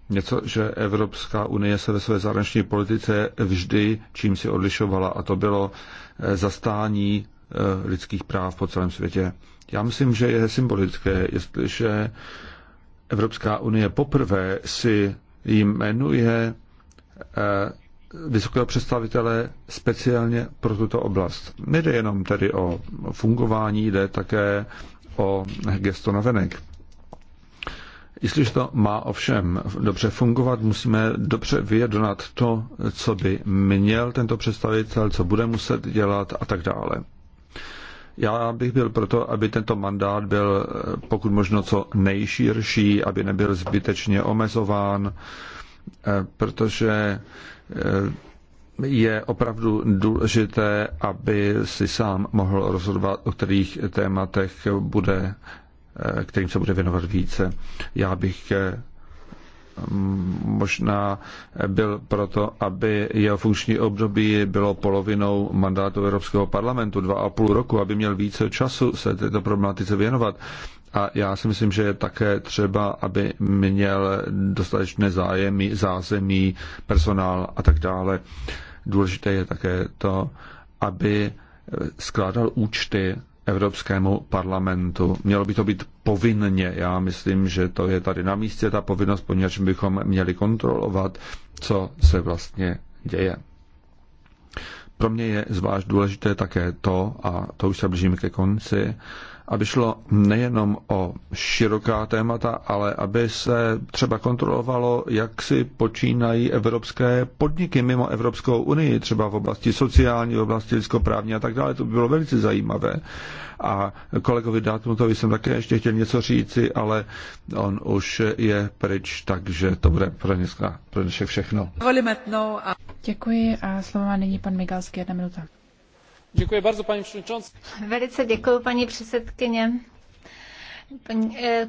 něco, že Evropská unie se ve své zahraniční politice vždy čím si odlišovala a to bylo eh, zastání eh, lidských práv po celém světě. Já myslím, že je symbolické, jestliže Evropská unie poprvé si jmenuje eh, vysokého představitele speciálně pro tuto oblast. Nejde jenom tedy o fungování, jde také o gesto navenek. Jestliže to má ovšem dobře fungovat, musíme dobře vyjednat to, co by měl tento představitel, co bude muset dělat a tak dále. Já bych byl proto, aby tento mandát byl pokud možno co nejširší, aby nebyl zbytečně omezován, eh, protože eh, je opravdu důležité, aby si sám mohl rozhodovat, o kterých tématech bude Eh, kterým se bude věnovat více. Já bych eh, možná byl proto, aby jeho funkční období bylo polovinou mandátu Evropského parlamentu, dva a půl roku, aby měl více času se této problematice věnovat. A já si myslím, že je také třeba, aby měl dostatečné zájemy, zázemí, personál a tak dále. Důležité je také to, aby skládal účty Evropskému parlamentu. Mělo by to být povinně. Já myslím, že to je tady na místě ta povinnost, poněvadž bychom měli kontrolovat, co se vlastně děje. Pro mě je zvlášť důležité také to, a to už se blížím ke konci, aby šlo nejenom o široká témata, ale aby se třeba kontrolovalo, jak si počínají evropské podniky mimo Evropskou unii, třeba v oblasti sociální, v oblasti lidskoprávní a tak dále. To by bylo velice zajímavé. A kolegovi Dátmutovi jsem také ještě chtěl něco říci, ale on už je pryč, takže to bude pro, dneska, pro dnešek všechno. Děkuji a slovo má nyní pan Migalský, jedna minuta. Děkuji bardzo, paní Velice děkuji, paní předsedkyně.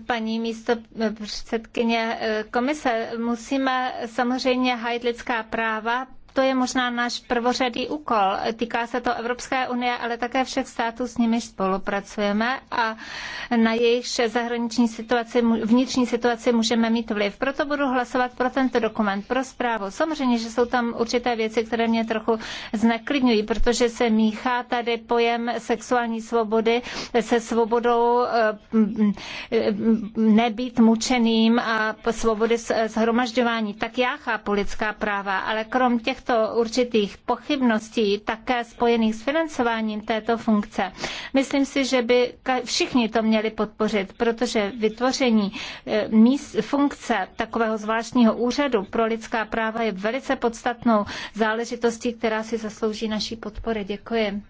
Paní eh, místo eh, předsedkyně eh, komise, musíme samozřejmě hájit lidská práva, to je možná náš prvořadý úkol. Týká se to Evropské unie, ale také všech států, s nimiž spolupracujeme a na jejich zahraniční situaci, vnitřní situaci můžeme mít vliv. Proto budu hlasovat pro tento dokument, pro zprávu. Samozřejmě, že jsou tam určité věci, které mě trochu zneklidňují, protože se míchá tady pojem sexuální svobody se svobodou eh, nebýt mučeným a svobody shromažďování. Tak já chápu lidská práva, ale krom těch těchto určitých pochybností také spojených s financováním této funkce, myslím si, že by všichni to měli podpořit, protože vytvoření e, míst, funkce takového zvláštního úřadu pro lidská práva je velice podstatnou záležitostí, která si zaslouží naší podpory. Děkuji.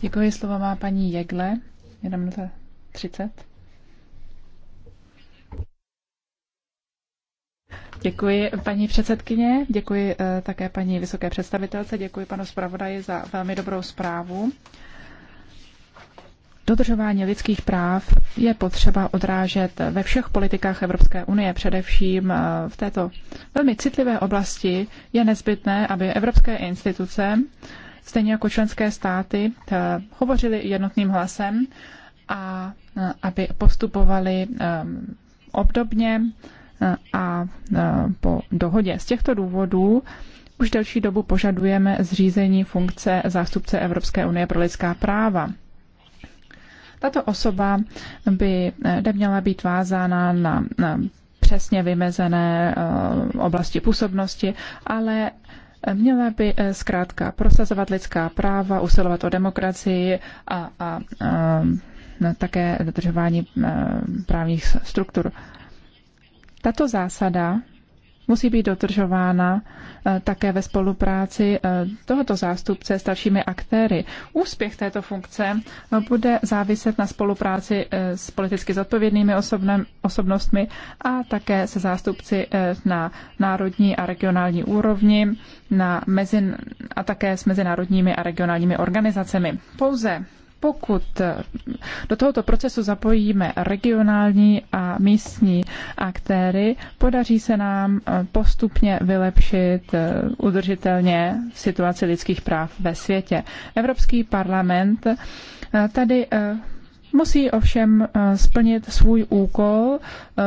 Děkuji, slova má paní Jegle. Jedna 30. Děkuji paní předsedkyně, děkuji eh, také paní vysoké představitelce, děkuji panu zpravodaji za velmi dobrou zprávu. Dodržování lidských práv je potřeba odrážet ve všech politikách Evropské unie, především eh, v této velmi citlivé oblasti je nezbytné, aby evropské instituce, stejně jako členské státy, eh, hovořily jednotným hlasem a aby postupovali obdobně a po dohodě. Z těchto důvodů už delší dobu požadujeme zřízení funkce zástupce Evropské unie pro lidská práva. Tato osoba by eh, neměla být vázána na, přesně vymezené eh, oblasti působnosti, ale eh, měla by zkrátka prosazovat lidská práva, usilovat o demokracii a, a, a také dodržování právních struktur. Tato zásada musí být dodržována eh, také ve spolupráci eh, tohoto zástupce s dalšími aktéry. Úspěch této funkce eh, bude záviset na spolupráci s politicky zodpovědnými osobnostmi a také se zástupci na národní a regionální úrovni na mezin a také s mezinárodními a regionálními organizacemi. Pouze pokud do tohoto procesu zapojíme regionální a místní aktéry, podaří se nám eh, postupně vylepšit eh, udržitelně situaci lidských práv ve světě. Evropský parlament eh, tady Musí ovšem eh, splnit svůj úkol eh,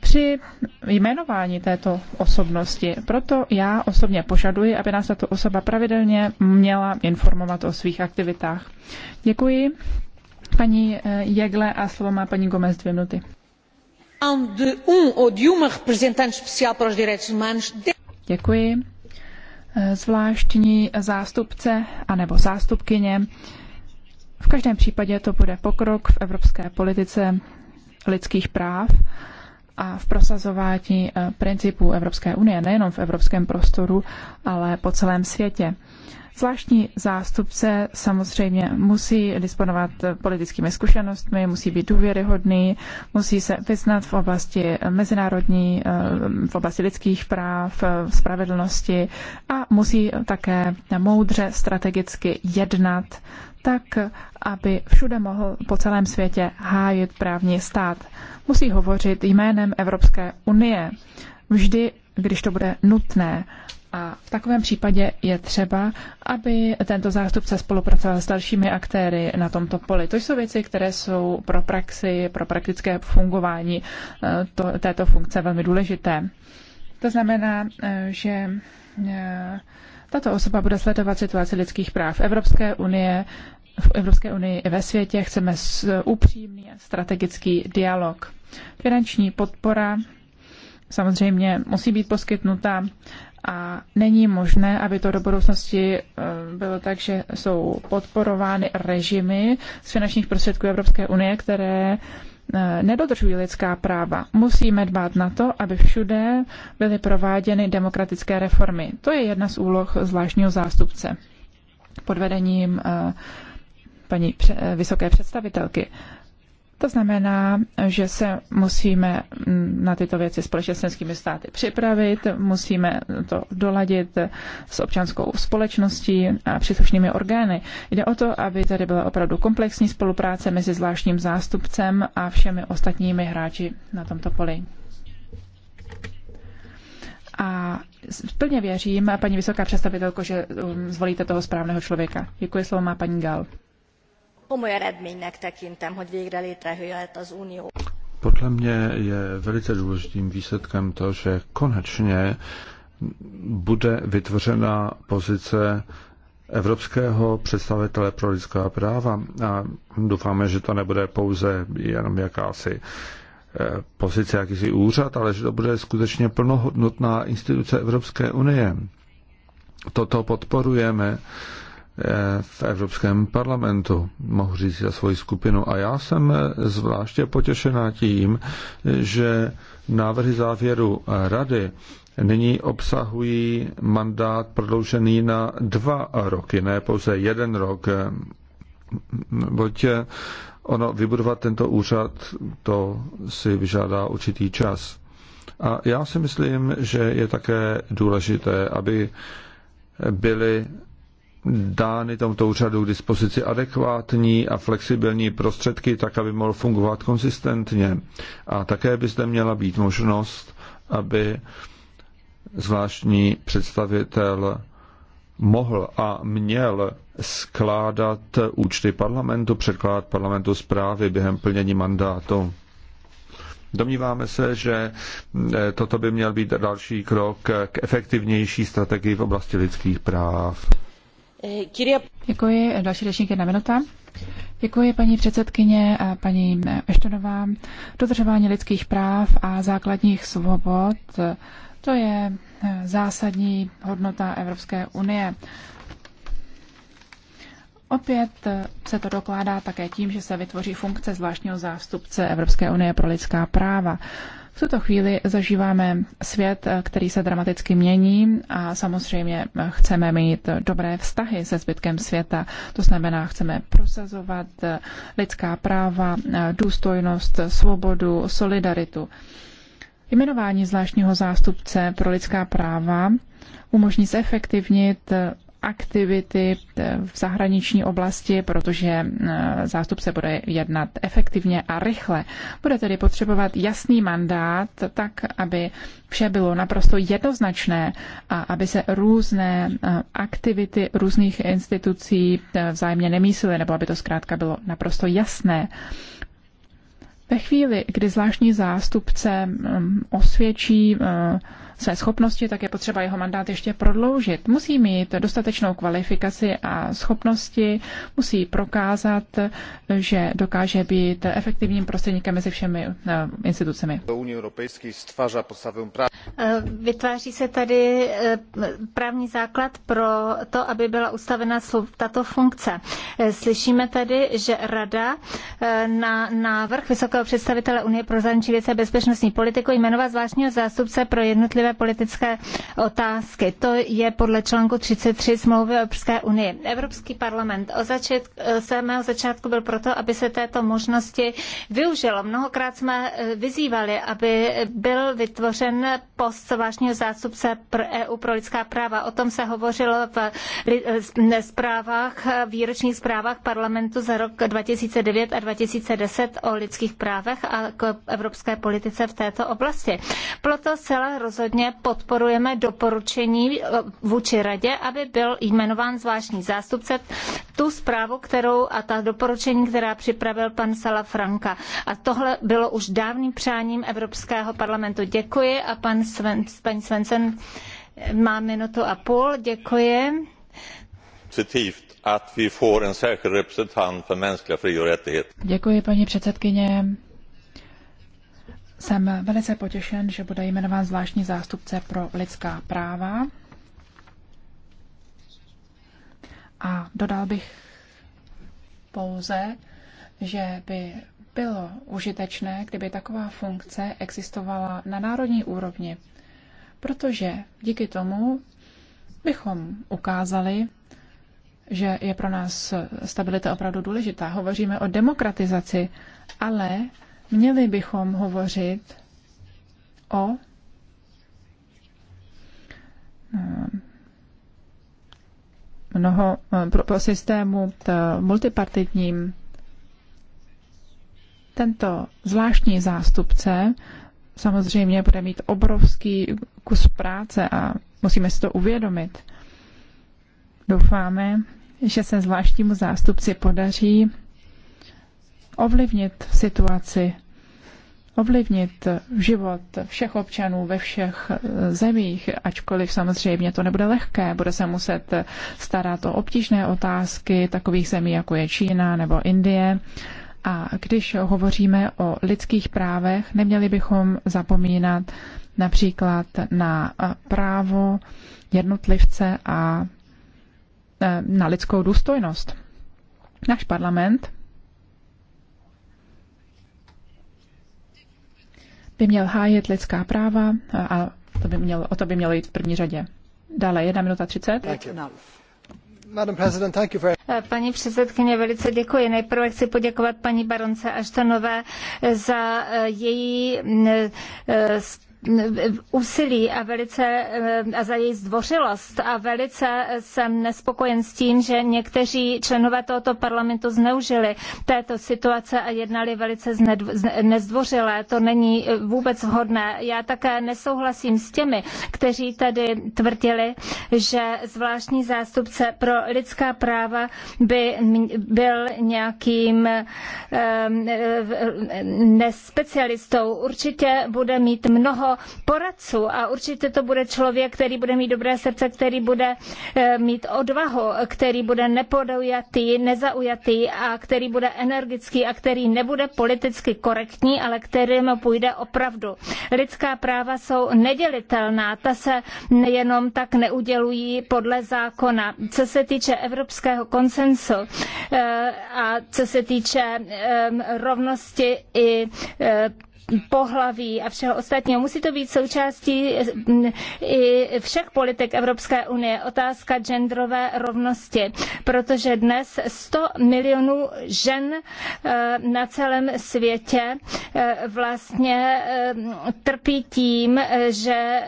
při jmenování této osobnosti. Proto já osobně požaduji, aby nás tato osoba pravidelně měla informovat o svých aktivitách. Děkuji. Paní eh, Jegle a slovo má paní Gomez dvě minuty. Děkuji. Zvláštní zástupce anebo zástupkyně v každém případě to bude pokrok v evropské politice lidských práv a v prosazování eh, principů Evropské unie, nejenom v evropském prostoru, ale po celém světě. Zvláštní zástupce samozřejmě musí disponovat eh, politickými zkušenostmi, musí být důvěryhodný, musí se vyznat v oblasti mezinárodní, eh, v oblasti lidských práv, spravedlnosti a musí také moudře strategicky jednat tak, aby všude mohl po celém světě hájit právní stát. Musí hovořit jménem Evropské unie, vždy, když to bude nutné. A v takovém případě je třeba, aby tento zástupce spolupracoval s dalšími aktéry na tomto poli. To jsou věci, které jsou pro praxi, pro praktické fungování eh, to, této funkce velmi důležité. To znamená, eh, že eh, tato osoba bude sledovat situaci lidských práv Evropské unie, v Evropské unii i ve světě. Chceme upřímný a strategický dialog. Finanční podpora samozřejmě musí být poskytnuta a není možné, aby to do budoucnosti eh, bylo tak, že jsou podporovány režimy z finančních prostředků Evropské unie, které Eh, nedodržují lidská práva. Musíme dbát na to, aby všude byly prováděny demokratické reformy. To je jedna z úloh zvláštního zástupce pod vedením eh, paní eh, vysoké představitelky. To znamená, že se musíme na tyto věci společně s členskými státy připravit, musíme to doladit s občanskou společností a příslušnými orgány. Jde o to, aby tady byla opravdu komplexní spolupráce mezi zvláštním zástupcem a všemi ostatními hráči na tomto poli. A plně věřím, paní vysoká představitelko, že um, zvolíte toho správného člověka. Děkuji slovo má paní Gal komoly eredménynek tekintem, hogy végre létrejöhet az Unió. Podle mě je velice důležitým výsledkem to, že konečně bude vytvořena pozice evropského představitele pro lidská práva a doufáme, že to nebude pouze jenom jakási eh, pozice, jakýsi úřad, ale že to bude skutečně plnohodnotná instituce Evropské unie. Toto podporujeme v Evropském parlamentu, mohu říct za svoji skupinu. A já jsem zvláště potěšená tím, že návrhy závěru rady nyní obsahují mandát prodloužený na dva roky, ne pouze jeden rok. Boť ono vybudovat tento úřad, to si vyžádá určitý čas. A já si myslím, že je také důležité, aby byly dány tomto úřadu k dispozici adekvátní a flexibilní prostředky, tak aby mohl fungovat konsistentně. A také by zde měla být možnost, aby zvláštní představitel mohl a měl skládat účty parlamentu, předkládat parlamentu zprávy během plnění mandátu. Domníváme se, že e, toto by měl být další krok k efektivnější strategii v oblasti lidských práv. Děkuji. Další řečník jedna minuta. Děkuji paní předsedkyně, paní Eštonová. Dodržování lidských práv a základních svobod, to je eh, zásadní hodnota Evropské unie. Opět eh, se to dokládá také tím, že se vytvoří funkce zvláštního zástupce Evropské unie pro lidská práva. V tuto chvíli zažíváme svět, který se dramaticky mění a samozřejmě chceme mít dobré vztahy se zbytkem světa. To znamená, chceme prosazovat lidská práva, důstojnost, svobodu, solidaritu. Jmenování zvláštního zástupce pro lidská práva umožní zefektivnit aktivity v zahraniční oblasti, protože eh, zástupce bude jednat efektivně a rychle. Bude tedy potřebovat jasný mandát, tak aby vše bylo naprosto jednoznačné a aby se různé eh, aktivity různých institucí eh, vzájemně nemísily, nebo aby to zkrátka bylo naprosto jasné. Ve chvíli, kdy zvláštní zástupce mm, osvědčí své schopnosti, tak je potřeba jeho mandát ještě prodloužit. Musí mít dostatečnou kvalifikaci a schopnosti, musí prokázat, že dokáže být efektivním prostředníkem mezi všemi eh, institucemi. Eh, vytváří se tady eh, právní základ pro to, aby byla ustavena tato funkce. Slyšíme tady, že Rada na návrh Vysokého představitele Unie pro zahraniční věce a bezpečnostní politiku jmenovat zvláštního zástupce pro jednotlivé citlivé politické otázky. To je podle článku 33 smlouvy Evropské unie. Evropský parlament od začátku, samého začátku byl proto, aby se této možnosti využilo. Mnohokrát jsme eh, vyzývali, aby byl vytvořen post zvláštního zástupce pro EU pro lidská práva. O tom se hovořilo v eh, zprávách, výročních zprávách parlamentu za rok 2009 a 2010 o lidských právech a k evropské politice v této oblasti. Proto zcela rozhodně rozhodně podporujeme doporučení eh, vůči radě, aby byl jmenován zvláštní zástupce tu zprávu, kterou a ta doporučení, která připravil pan Salafranka. A tohle bylo už dávným přáním Evropského parlamentu. Děkuji a pan Sven, paní Svensen má minutu a půl. Děkuji. Citivt att vi får en särskild representant för mänskliga fri Děkuji, paní předsedkyně. Jsem velice potěšen, že bude jmenován zvláštní zástupce pro lidská práva. A dodal bych pouze, že by bylo užitečné, kdyby taková funkce existovala na národní úrovni, protože díky tomu bychom ukázali, že je pro nás stabilita opravdu důležitá. Hovoříme o demokratizaci, ale Měli bychom hovořit o no, mnoho pro, pro systému multipartitním. Tento zvláštní zástupce samozřejmě bude mít obrovský kus práce a musíme si to uvědomit. Doufáme, že se zvláštnímu zástupci podaří ovlivnit situaci ovlivnit život všech občanů ve všech eh, zemích, ačkoliv samozřejmě to nebude lehké. Bude se muset starat o obtížné otázky takových zemí, jako je Čína nebo Indie. A když hovoříme o lidských právech, neměli bychom zapomínat například na eh, právo jednotlivce a eh, na lidskou důstojnost. Náš parlament by měl hájet lidská práva a to by měl, o to by mělo jít v první řadě. Dále jedna minuta 30. Eh, paní předsedkyně, velice děkuji. Nejprve chci poděkovat paní baronce Aštonové za eh, její mm, eh, úsilí a velice eh, a za její zdvořilost a velice jsem nespokojen s tím, že někteří členové tohoto parlamentu zneužili této situace a jednali velice nezdvořilé. To není eh, vůbec vhodné. Já také nesouhlasím s těmi, kteří tady tvrdili, že zvláštní zástupce pro lidská práva by byl nějakým eh, nespecialistou. Určitě bude mít mnoho poradců a určitě to bude člověk, který bude mít dobré srdce, který bude eh, mít odvahu, který bude nepodojatý, nezaujatý a který bude energický a který nebude politicky korektní, ale kterým půjde opravdu. Lidská práva jsou nedělitelná, ta se jenom tak neudělují podle zákona. Co se týče evropského konsensu eh, a co se týče eh, rovnosti i pohlaví a všeho ostatního. Musí to být součástí mm, i všech politik Evropské unie. Otázka genderové rovnosti, protože dnes 100 milionů žen eh, na celém světě eh, vlastně eh, trpí tím, že,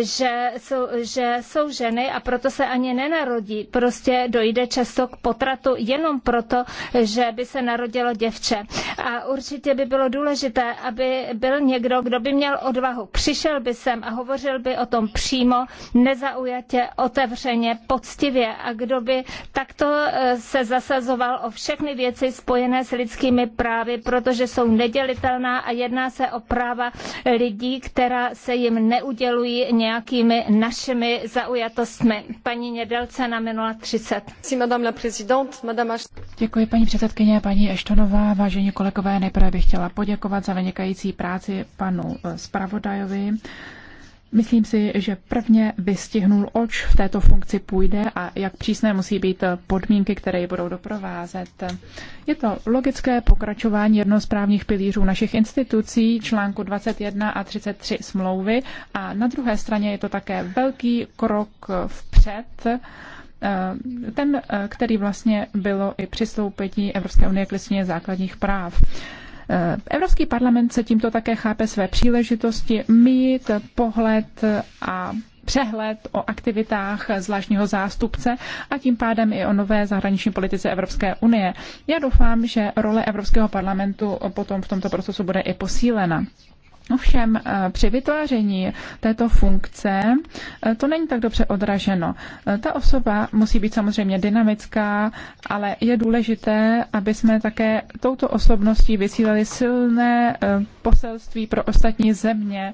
že, jsou, že jsou ženy a proto se ani nenarodí. Prostě dojde často k potratu jenom proto, že by se narodilo děvče. A určitě by bylo důležité, důležité, aby byl někdo, kdo by měl odvahu. Přišel by sem a hovořil by o tom přímo, nezaujatě, otevřeně, poctivě a kdo by takto eh, se zasazoval o všechny věci spojené s lidskými právy, protože jsou nedělitelná a jedná se o práva lidí, která se jim neudělují nějakými našimi zaujatostmi. Paní Nedelce na minula 30. Děkuji paní předsedkyně, paní Eštonová, vážení kolegové, nejprve bych chtěla poděkovat poděkovat za vynikající práci panu Spravodajovi. Eh, Myslím si, že prvně vystihnul, oč v této funkci půjde a jak přísné musí být eh, podmínky, které ji budou doprovázet. Je to logické pokračování jednoho z právních pilířů našich institucí, článku 21 a 33 smlouvy a na druhé straně je to také velký krok eh, vpřed, ten, který vlastně bylo i přistoupení Evropské unie k listině základních práv. Evropský parlament se tímto také chápe své příležitosti mít pohled a přehled o aktivitách zvláštního zástupce a tím pádem i o nové zahraniční politice Evropské unie. Já doufám, že role Evropského parlamentu potom v tomto procesu bude i posílena. Ovšem eh, při vytváření této funkce eh, to není tak dobře odraženo. Eh, ta osoba musí být samozřejmě dynamická, ale je důležité, aby jsme také touto osobností vysílali silné poselství pro ostatní země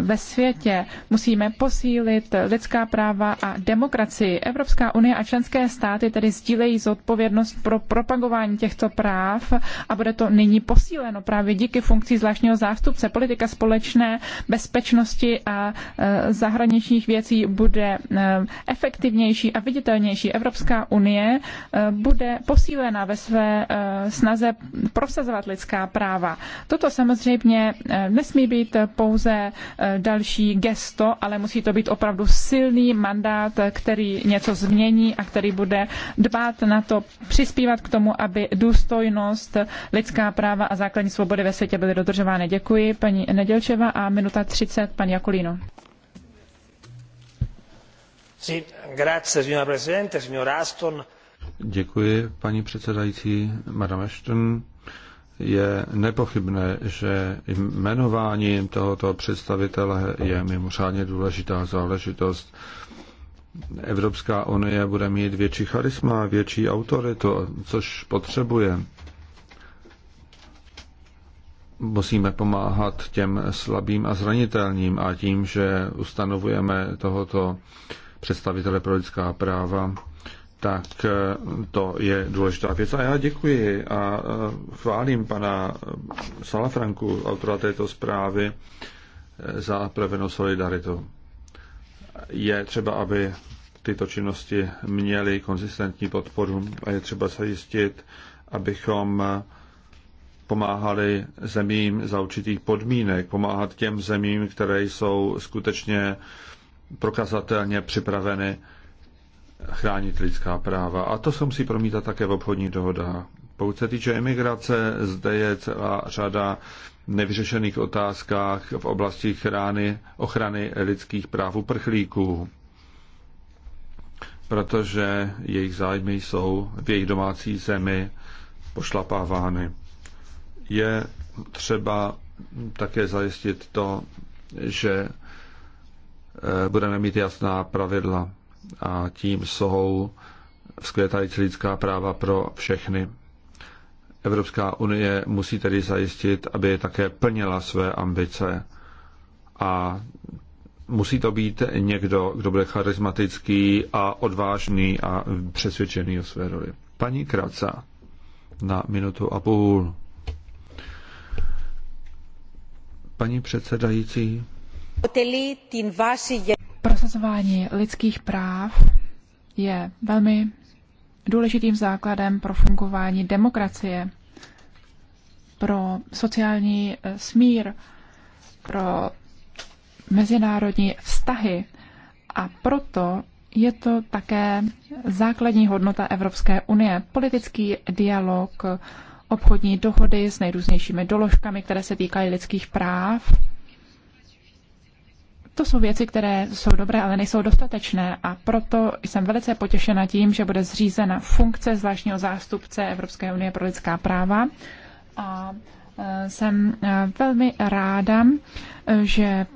ve světě. Musíme posílit lidská práva a demokracii. Evropská unie a členské státy tedy sdílejí zodpovědnost pro propagování těchto práv a bude to nyní posíleno právě díky funkci zvláštního zástupce. Politika politika společné bezpečnosti a e, zahraničních věcí bude e, efektivnější a viditelnější. Evropská unie e, bude posílena ve své snaze prosazovat lidská práva. Toto samozřejmě nesmí být pouze další gesto, ale musí to být opravdu silný mandát, který něco změní a který bude dbát na to, přispívat k tomu, aby důstojnost, lidská práva a základní svobody ve světě byly dodržovány. Děkuji paní Nedělčeva a minuta 30 pan Jakolino. Děkuji, paní předsedající, madame Ashton. Je nepochybné, že jmenováním tohoto představitele je mimořádně důležitá záležitost. Evropská unie bude mít větší charisma, větší autoritu, což potřebuje musíme pomáhat těm slabým a zranitelným a tím, že ustanovujeme tohoto představitele pro lidská práva, tak eh, to je důležitá věc. A já děkuji a eh, chválím pana eh, Salafranku, autora této zprávy, za prevenou solidaritu. Je třeba, aby tyto činnosti měly konzistentní podporu a je třeba zajistit, abychom pomáhali zemím za určitých podmínek, pomáhat těm zemím, které jsou skutečně prokazatelně připraveny chránit lidská práva. A to se musí promítat také v obchodních dohodách. Pokud se týče imigrace, zde je celá řada nevyřešených otázkách v oblasti chrány, ochrany lidských práv uprchlíků, protože jejich zájmy jsou v jejich domácí zemi pošlapávány je třeba také zajistit to, že eh, budeme mít jasná pravidla a tím jsou vzkvětající lidská práva pro všechny. Evropská unie musí tedy zajistit, aby také plnila své ambice a musí to být někdo, kdo bude charismatický a odvážný a přesvědčený o své roli. Paní Kraca na minutu a půl. Paní předsedající. Prosazování lidských práv je velmi důležitým základem pro fungování demokracie, pro sociální eh, smír, pro mezinárodní vztahy. A proto je to také základní hodnota Evropské unie. Politický dialog, obchodní dohody s nejrůznějšími doložkami, které se týkají lidských práv. To jsou věci, které jsou dobré, ale nejsou dostatečné a proto jsem velice potěšena tím, že bude zřízena funkce zvláštního zástupce Evropské unie pro lidská práva a jsem eh, velmi ráda, že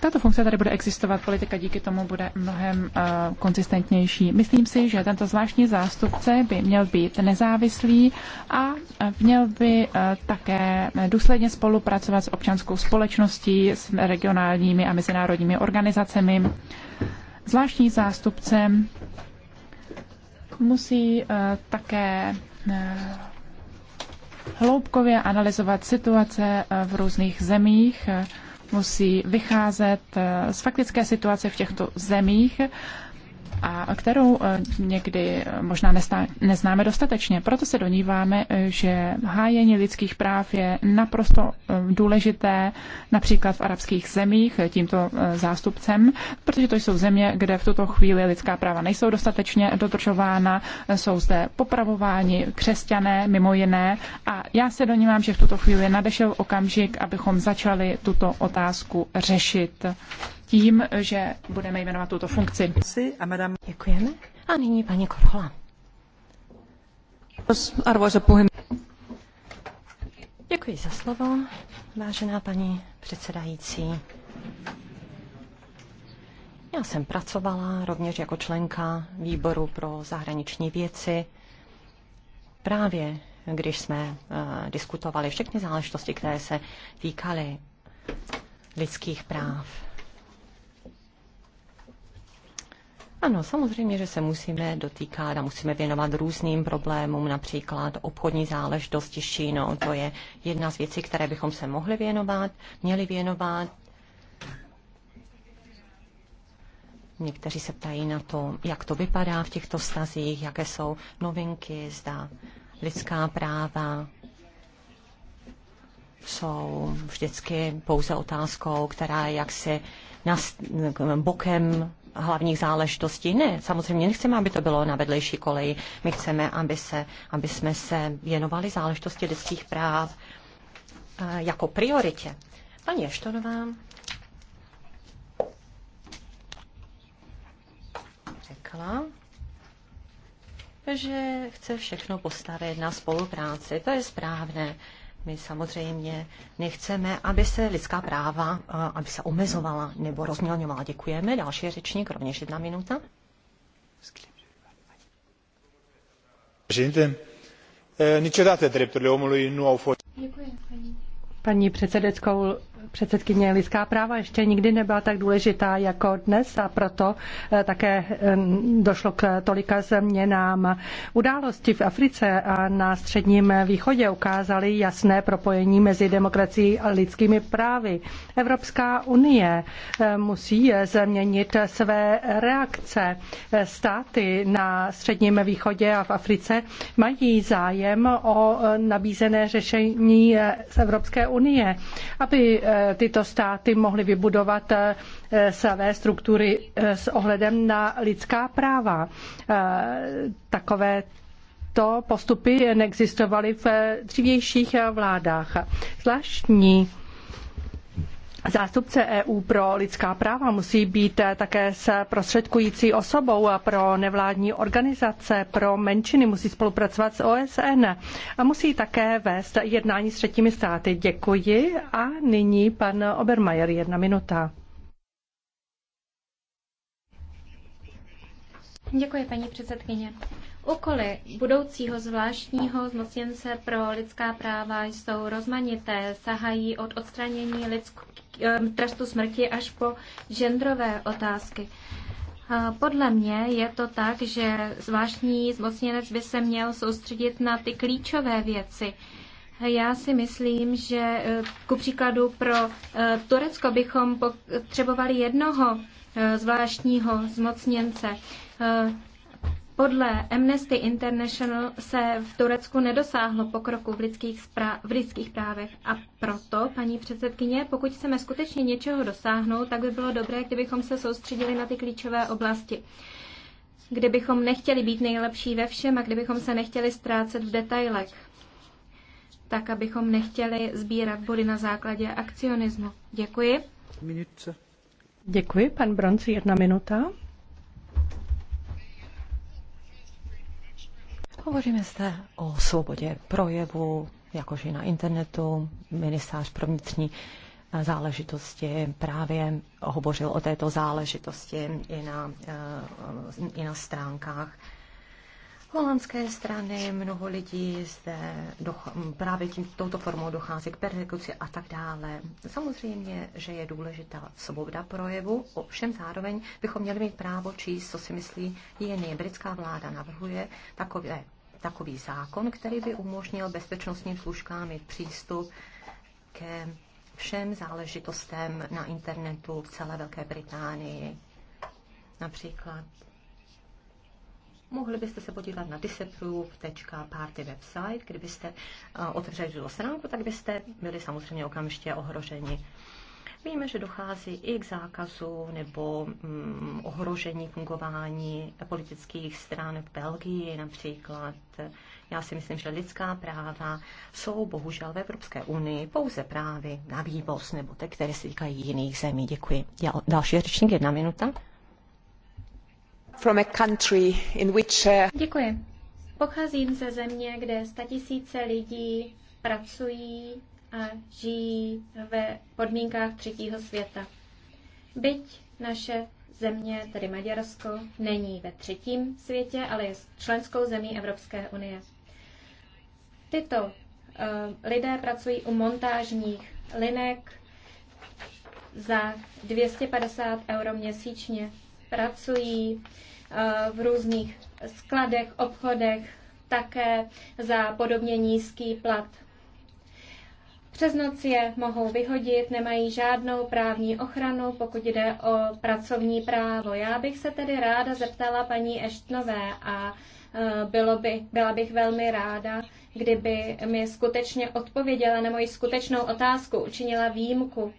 tato funkce tady bude existovat. Politika díky tomu bude mnohem eh, konzistentnější. Myslím si, že tento zvláštní zástupce by měl být nezávislý a eh, měl by také důsledně spolupracovat s občanskou společností, s regionálními a mezinárodními organizacemi. Zvláštní zástupce musí také hloubkově analyzovat situace eh, v různých zemích, eh, musí vycházet eh, z faktické situace v těchto zemích a kterou eh, někdy eh, možná neznáme dostatečně. Proto se doníváme, eh, že hájení lidských práv je naprosto důležité například v arabských zemích tímto zástupcem, protože to jsou země, kde v tuto chvíli lidská práva nejsou dostatečně dodržována, jsou zde popravováni křesťané mimo jiné a já se donívám, že v tuto chvíli nadešel okamžik, abychom začali tuto otázku řešit tím, že budeme jmenovat tuto funkci. Děkujeme. A nyní paní Korhola. Arvoisa Děkuji za slovo, vážená paní předsedající. Já jsem pracovala rovněž jako členka výboru pro zahraniční věci. Právě když jsme uh, diskutovali všechny záležitosti, které se týkaly lidských práv Ano, samozřejmě, že se musíme dotýkat a musíme věnovat různým problémům, například obchodní záležitosti s Čínou. To je jedna z věcí, které bychom se mohli věnovat, měli věnovat. Někteří se ptají na to, jak to vypadá v těchto stazích, jaké jsou novinky, zda lidská práva jsou vždycky pouze otázkou, která je jaksi bokem hlavních záležitostí. Ne, samozřejmě nechceme, aby to bylo na vedlejší koleji. My chceme, aby, se, aby jsme se věnovali záležitosti lidských práv eh, jako prioritě. Paní Eštonová řekla, že chce všechno postavit na spolupráci. To je správné. My samozřejmě nechceme, aby se lidská práva, aby se omezovala nebo rozmělňovala. Děkujeme. Další řečník, rovněž jedna minuta. E, Děkuji, paní. Paní předsedeckou předsedkyně lidská práva ještě nikdy nebyla tak důležitá jako dnes a proto eh, také eh, došlo k tolika změnám. Události v Africe a na středním východě ukázaly jasné propojení mezi demokracií a lidskými právy. Evropská unie eh, musí změnit své reakce. Státy na středním východě a v Africe mají zájem o nabízené řešení z Evropské unie, aby Eh, tyto státy mohly vybudovat eh, své struktury eh, s ohledem na lidská práva. Takové to postupy neexistovaly v dřívějších vládách. Zvláštní Zástupce EU pro lidská práva musí být eh, také s prostředkující osobou pro nevládní organizace, pro menšiny, musí spolupracovat s OSN a musí také vést jednání s třetími státy. Děkuji a nyní pan Obermajer, jedna minuta. Děkuji, paní předsedkyně. Úkoly budoucího zvláštního zmocněnce pro lidská práva jsou rozmanité, sahají od odstranění lidsk- trestu smrti až po genderové otázky. Podle mě je to tak, že zvláštní zmocněnec by se měl soustředit na ty klíčové věci. Já si myslím, že e, ku příkladu pro e, Turecko bychom potřebovali jednoho e, zvláštního zmocněnce. Podle Amnesty International se v Turecku nedosáhlo pokroku v lidských, spra- v lidských právech a proto, paní předsedkyně, pokud chceme skutečně něčeho dosáhnout, tak by bylo dobré, kdybychom se soustředili na ty klíčové oblasti. Kdybychom nechtěli být nejlepší ve všem a kdybychom se nechtěli ztrácet v detailech, tak abychom nechtěli sbírat body na základě akcionismu. Děkuji. Minutce. Děkuji, pan Bronci, jedna minuta. Hovoříme zde o svobodě projevu, jakož i na internetu. Ministář pro vnitřní eh, záležitosti právě hovořil o této záležitosti i na, eh, i na stránkách holandské strany mnoho lidí zde právě tím, touto formou dochází k persekuci a tak dále. Samozřejmě, že je důležitá svoboda projevu, ovšem zároveň bychom měli mít právo číst, co si myslí jiný. Britská vláda navrhuje takové, takový zákon, který by umožnil bezpečnostním služkám mít přístup ke všem záležitostem na internetu v celé Velké Británii. Například mohli byste se podívat na disapprove.party website. Kdybyste eh, otevřeli tuto stránku, tak byste byli samozřejmě okamžitě ohroženi. Víme, že dochází i k zákazu nebo mm, ohrožení fungování politických stran v Belgii například. Já si myslím, že lidská práva jsou bohužel v Evropské unii pouze právě na vývoz nebo ty, které se týkají jiných zemí. Děkuji. Další řečník, jedna minuta. Uh, Děkuji. Pocházím ze země, kde statisíce lidí pracují a žijí ve podmínkách třetího světa. Byť naše země, tedy Maďarsko, není ve třetím světě, ale je členskou zemí Evropské unie. Tyto uh, lidé pracují u montážních linek za 250 euro měsíčně. Pracují Eh, v různých skladech, obchodech, také za podobně nízký plat. Přes noc je mohou vyhodit, nemají žádnou právní ochranu, pokud jde o pracovní právo. Já bych se tedy ráda zeptala paní Eštnové a eh, bylo by, byla bych velmi ráda, kdyby mi skutečně odpověděla na moji skutečnou otázku, učinila výjimku.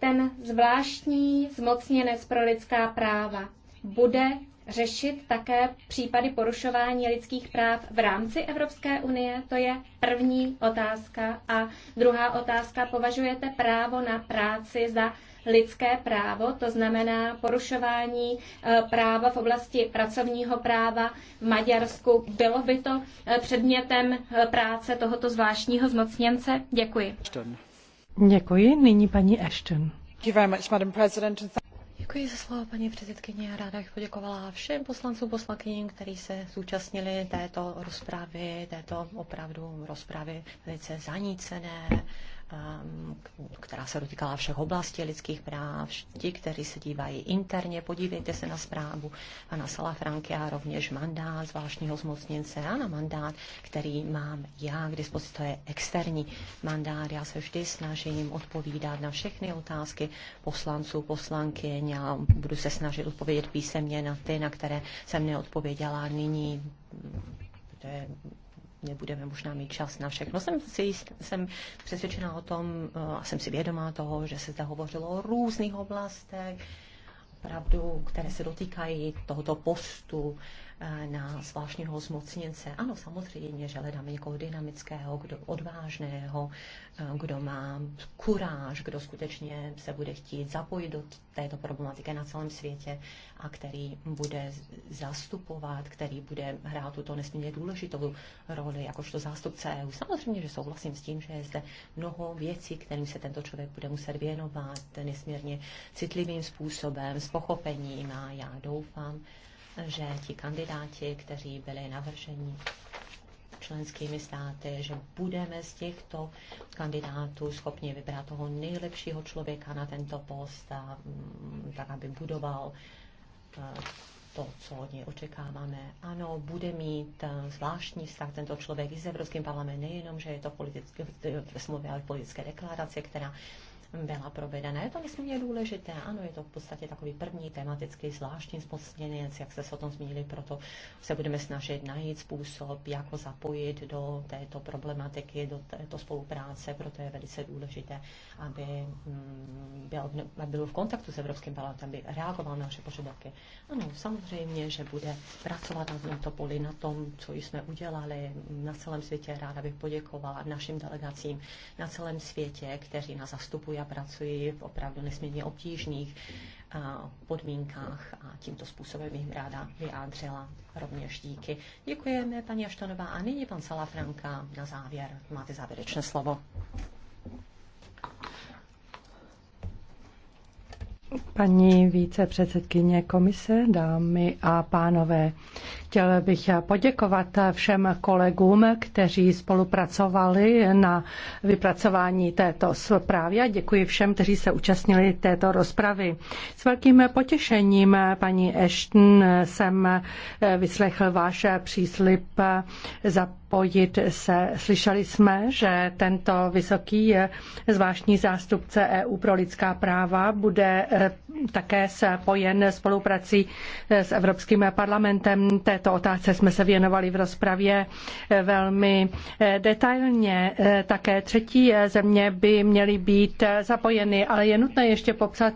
Ten zvláštní zmocněnec pro lidská práva bude řešit také případy porušování lidských práv v rámci Evropské unie? To je první otázka. A druhá otázka, považujete právo na práci za lidské právo, to znamená porušování eh, práva v oblasti pracovního práva v Maďarsku. Bylo by to eh, předmětem eh, práce tohoto zvláštního zmocněnce? Děkuji. Děkuji. Nyní paní Ashton. Děkuji za slovo, paní předsedkyně. Ráda bych poděkovala všem poslancům, poslankyním, kteří se zúčastnili této rozpravy, této opravdu rozpravy velice zanícené, Ehm, která se dotýkala všech oblastí lidských práv. Ti, kteří se dívají interně, podívejte se na zprávu a na Salafranky a rovněž mandát zvláštního zmocněnce a na mandát, který mám já k dispozici. To je externí mandát. Já se vždy snažím odpovídat na všechny otázky poslanců, poslankyň a budu se snažit odpovědět písemně na ty, na které jsem neodpověděla nyní. To je nebudeme možná mít čas na všechno. Jsem, si, jsem přesvědčena o tom eh, a jsem si vědomá toho, že se zde hovořilo o různých oblastech, opravdu, které se dotýkají tohoto postu Eh, na zvláštního zmocněnce. Ano, samozřejmě, že hledáme někoho dynamického, kdo odvážného, eh, kdo má kuráž, kdo skutečně se bude chtít zapojit do této problematiky na celém světě a který bude zastupovat, který bude hrát tuto nesmírně důležitou roli jakožto zástupce EU. Samozřejmě, že souhlasím s tím, že je zde mnoho věcí, kterým se tento člověk bude muset věnovat nesmírně citlivým způsobem, s pochopením a já doufám, že ti kandidáti, kteří byli navrženi členskými státy, že budeme z těchto kandidátů schopni vybrat toho nejlepšího člověka na tento post, a, mm, tak aby budoval eh, to, co od něj očekáváme. Ano, bude mít eh, zvláštní vztah tento člověk i s Evropským parlamentem, nejenom, že je to politické, smluvě, ale politické deklarace, která byla provedena. Je to nesmírně důležité, ano, je to v podstatě takový první tematický zvláštní zmocněnec, jak jste se o tom zmínili, proto se budeme snažit najít způsob, jak ho zapojit do této problematiky, do této spolupráce, proto je velice důležité, aby mm, byl, byl v kontaktu s Evropským parlamentem, aby reagoval na naše požadavky. Ano, samozřejmě, že bude pracovat na tomto poli, na tom, co jsme udělali na celém světě. Ráda bych poděkovala našim delegacím na celém světě, kteří nás zastupují pracují v opravdu nesmírně obtížných eh, podmínkách a tímto způsobem jim ráda vyjádřila rovněž díky. Děkujeme, paní Aštonová. A nyní pan Salafranka na závěr. Máte závěrečné slovo. Paní vícepředsedkyně komise, dámy a pánové, Chtěl bych poděkovat všem kolegům, kteří spolupracovali na vypracování této zprávy a děkuji všem, kteří se účastnili této rozpravy. S velkým potěšením, paní Ashton, jsem vyslechl váš příslip za spojit se. Slyšeli jsme, že tento vysoký eh, zvláštní zástupce EU pro lidská práva bude eh, také spojen spoluprací eh, s Evropským parlamentem. Této otázce jsme se věnovali v rozpravě velmi detailně. Také třetí země by měly být zapojeny, ale je nutné ještě popsat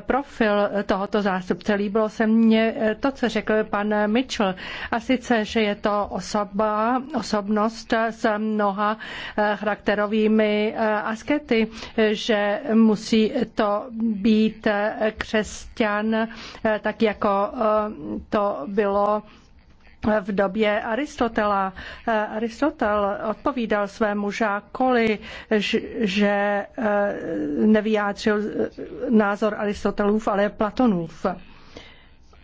profil tohoto zástupce. Líbilo se mně to, co řekl pan Mitchell, a sice, že je to osoba, osobnost s mnoha eh, charakterovými eh, askety, že musí to být eh, křesťan, tak jako to bylo v době Aristotela. Aristotel odpovídal svému žákovi, že nevyjádřil názor Aristotelův, ale Platonův.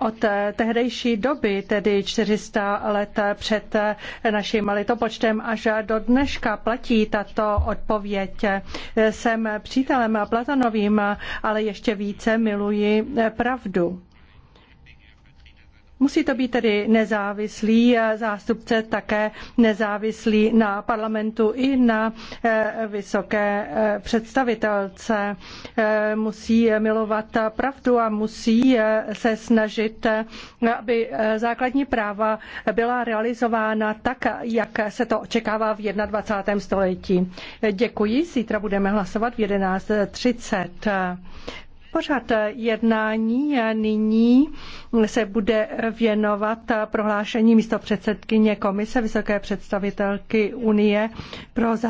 Od tehdejší doby, tedy 400 let před naším litopočtem až do dneška platí tato odpověď. Jsem přítelem Platonovým, ale ještě více miluji pravdu. Musí to být tedy nezávislý eh, zástupce, také nezávislý na parlamentu i na eh, vysoké eh, představitelce. Musí milovat pravdu a musí se snažit, aby základní práva byla realizována tak, jak se to očekává v 21. století. Děkuji, zítra budeme hlasovat v 11.30. Pořád jednání nyní se bude věnovat prohlášení místopředsedkyně Komise Vysoké představitelky Unie pro zahraniční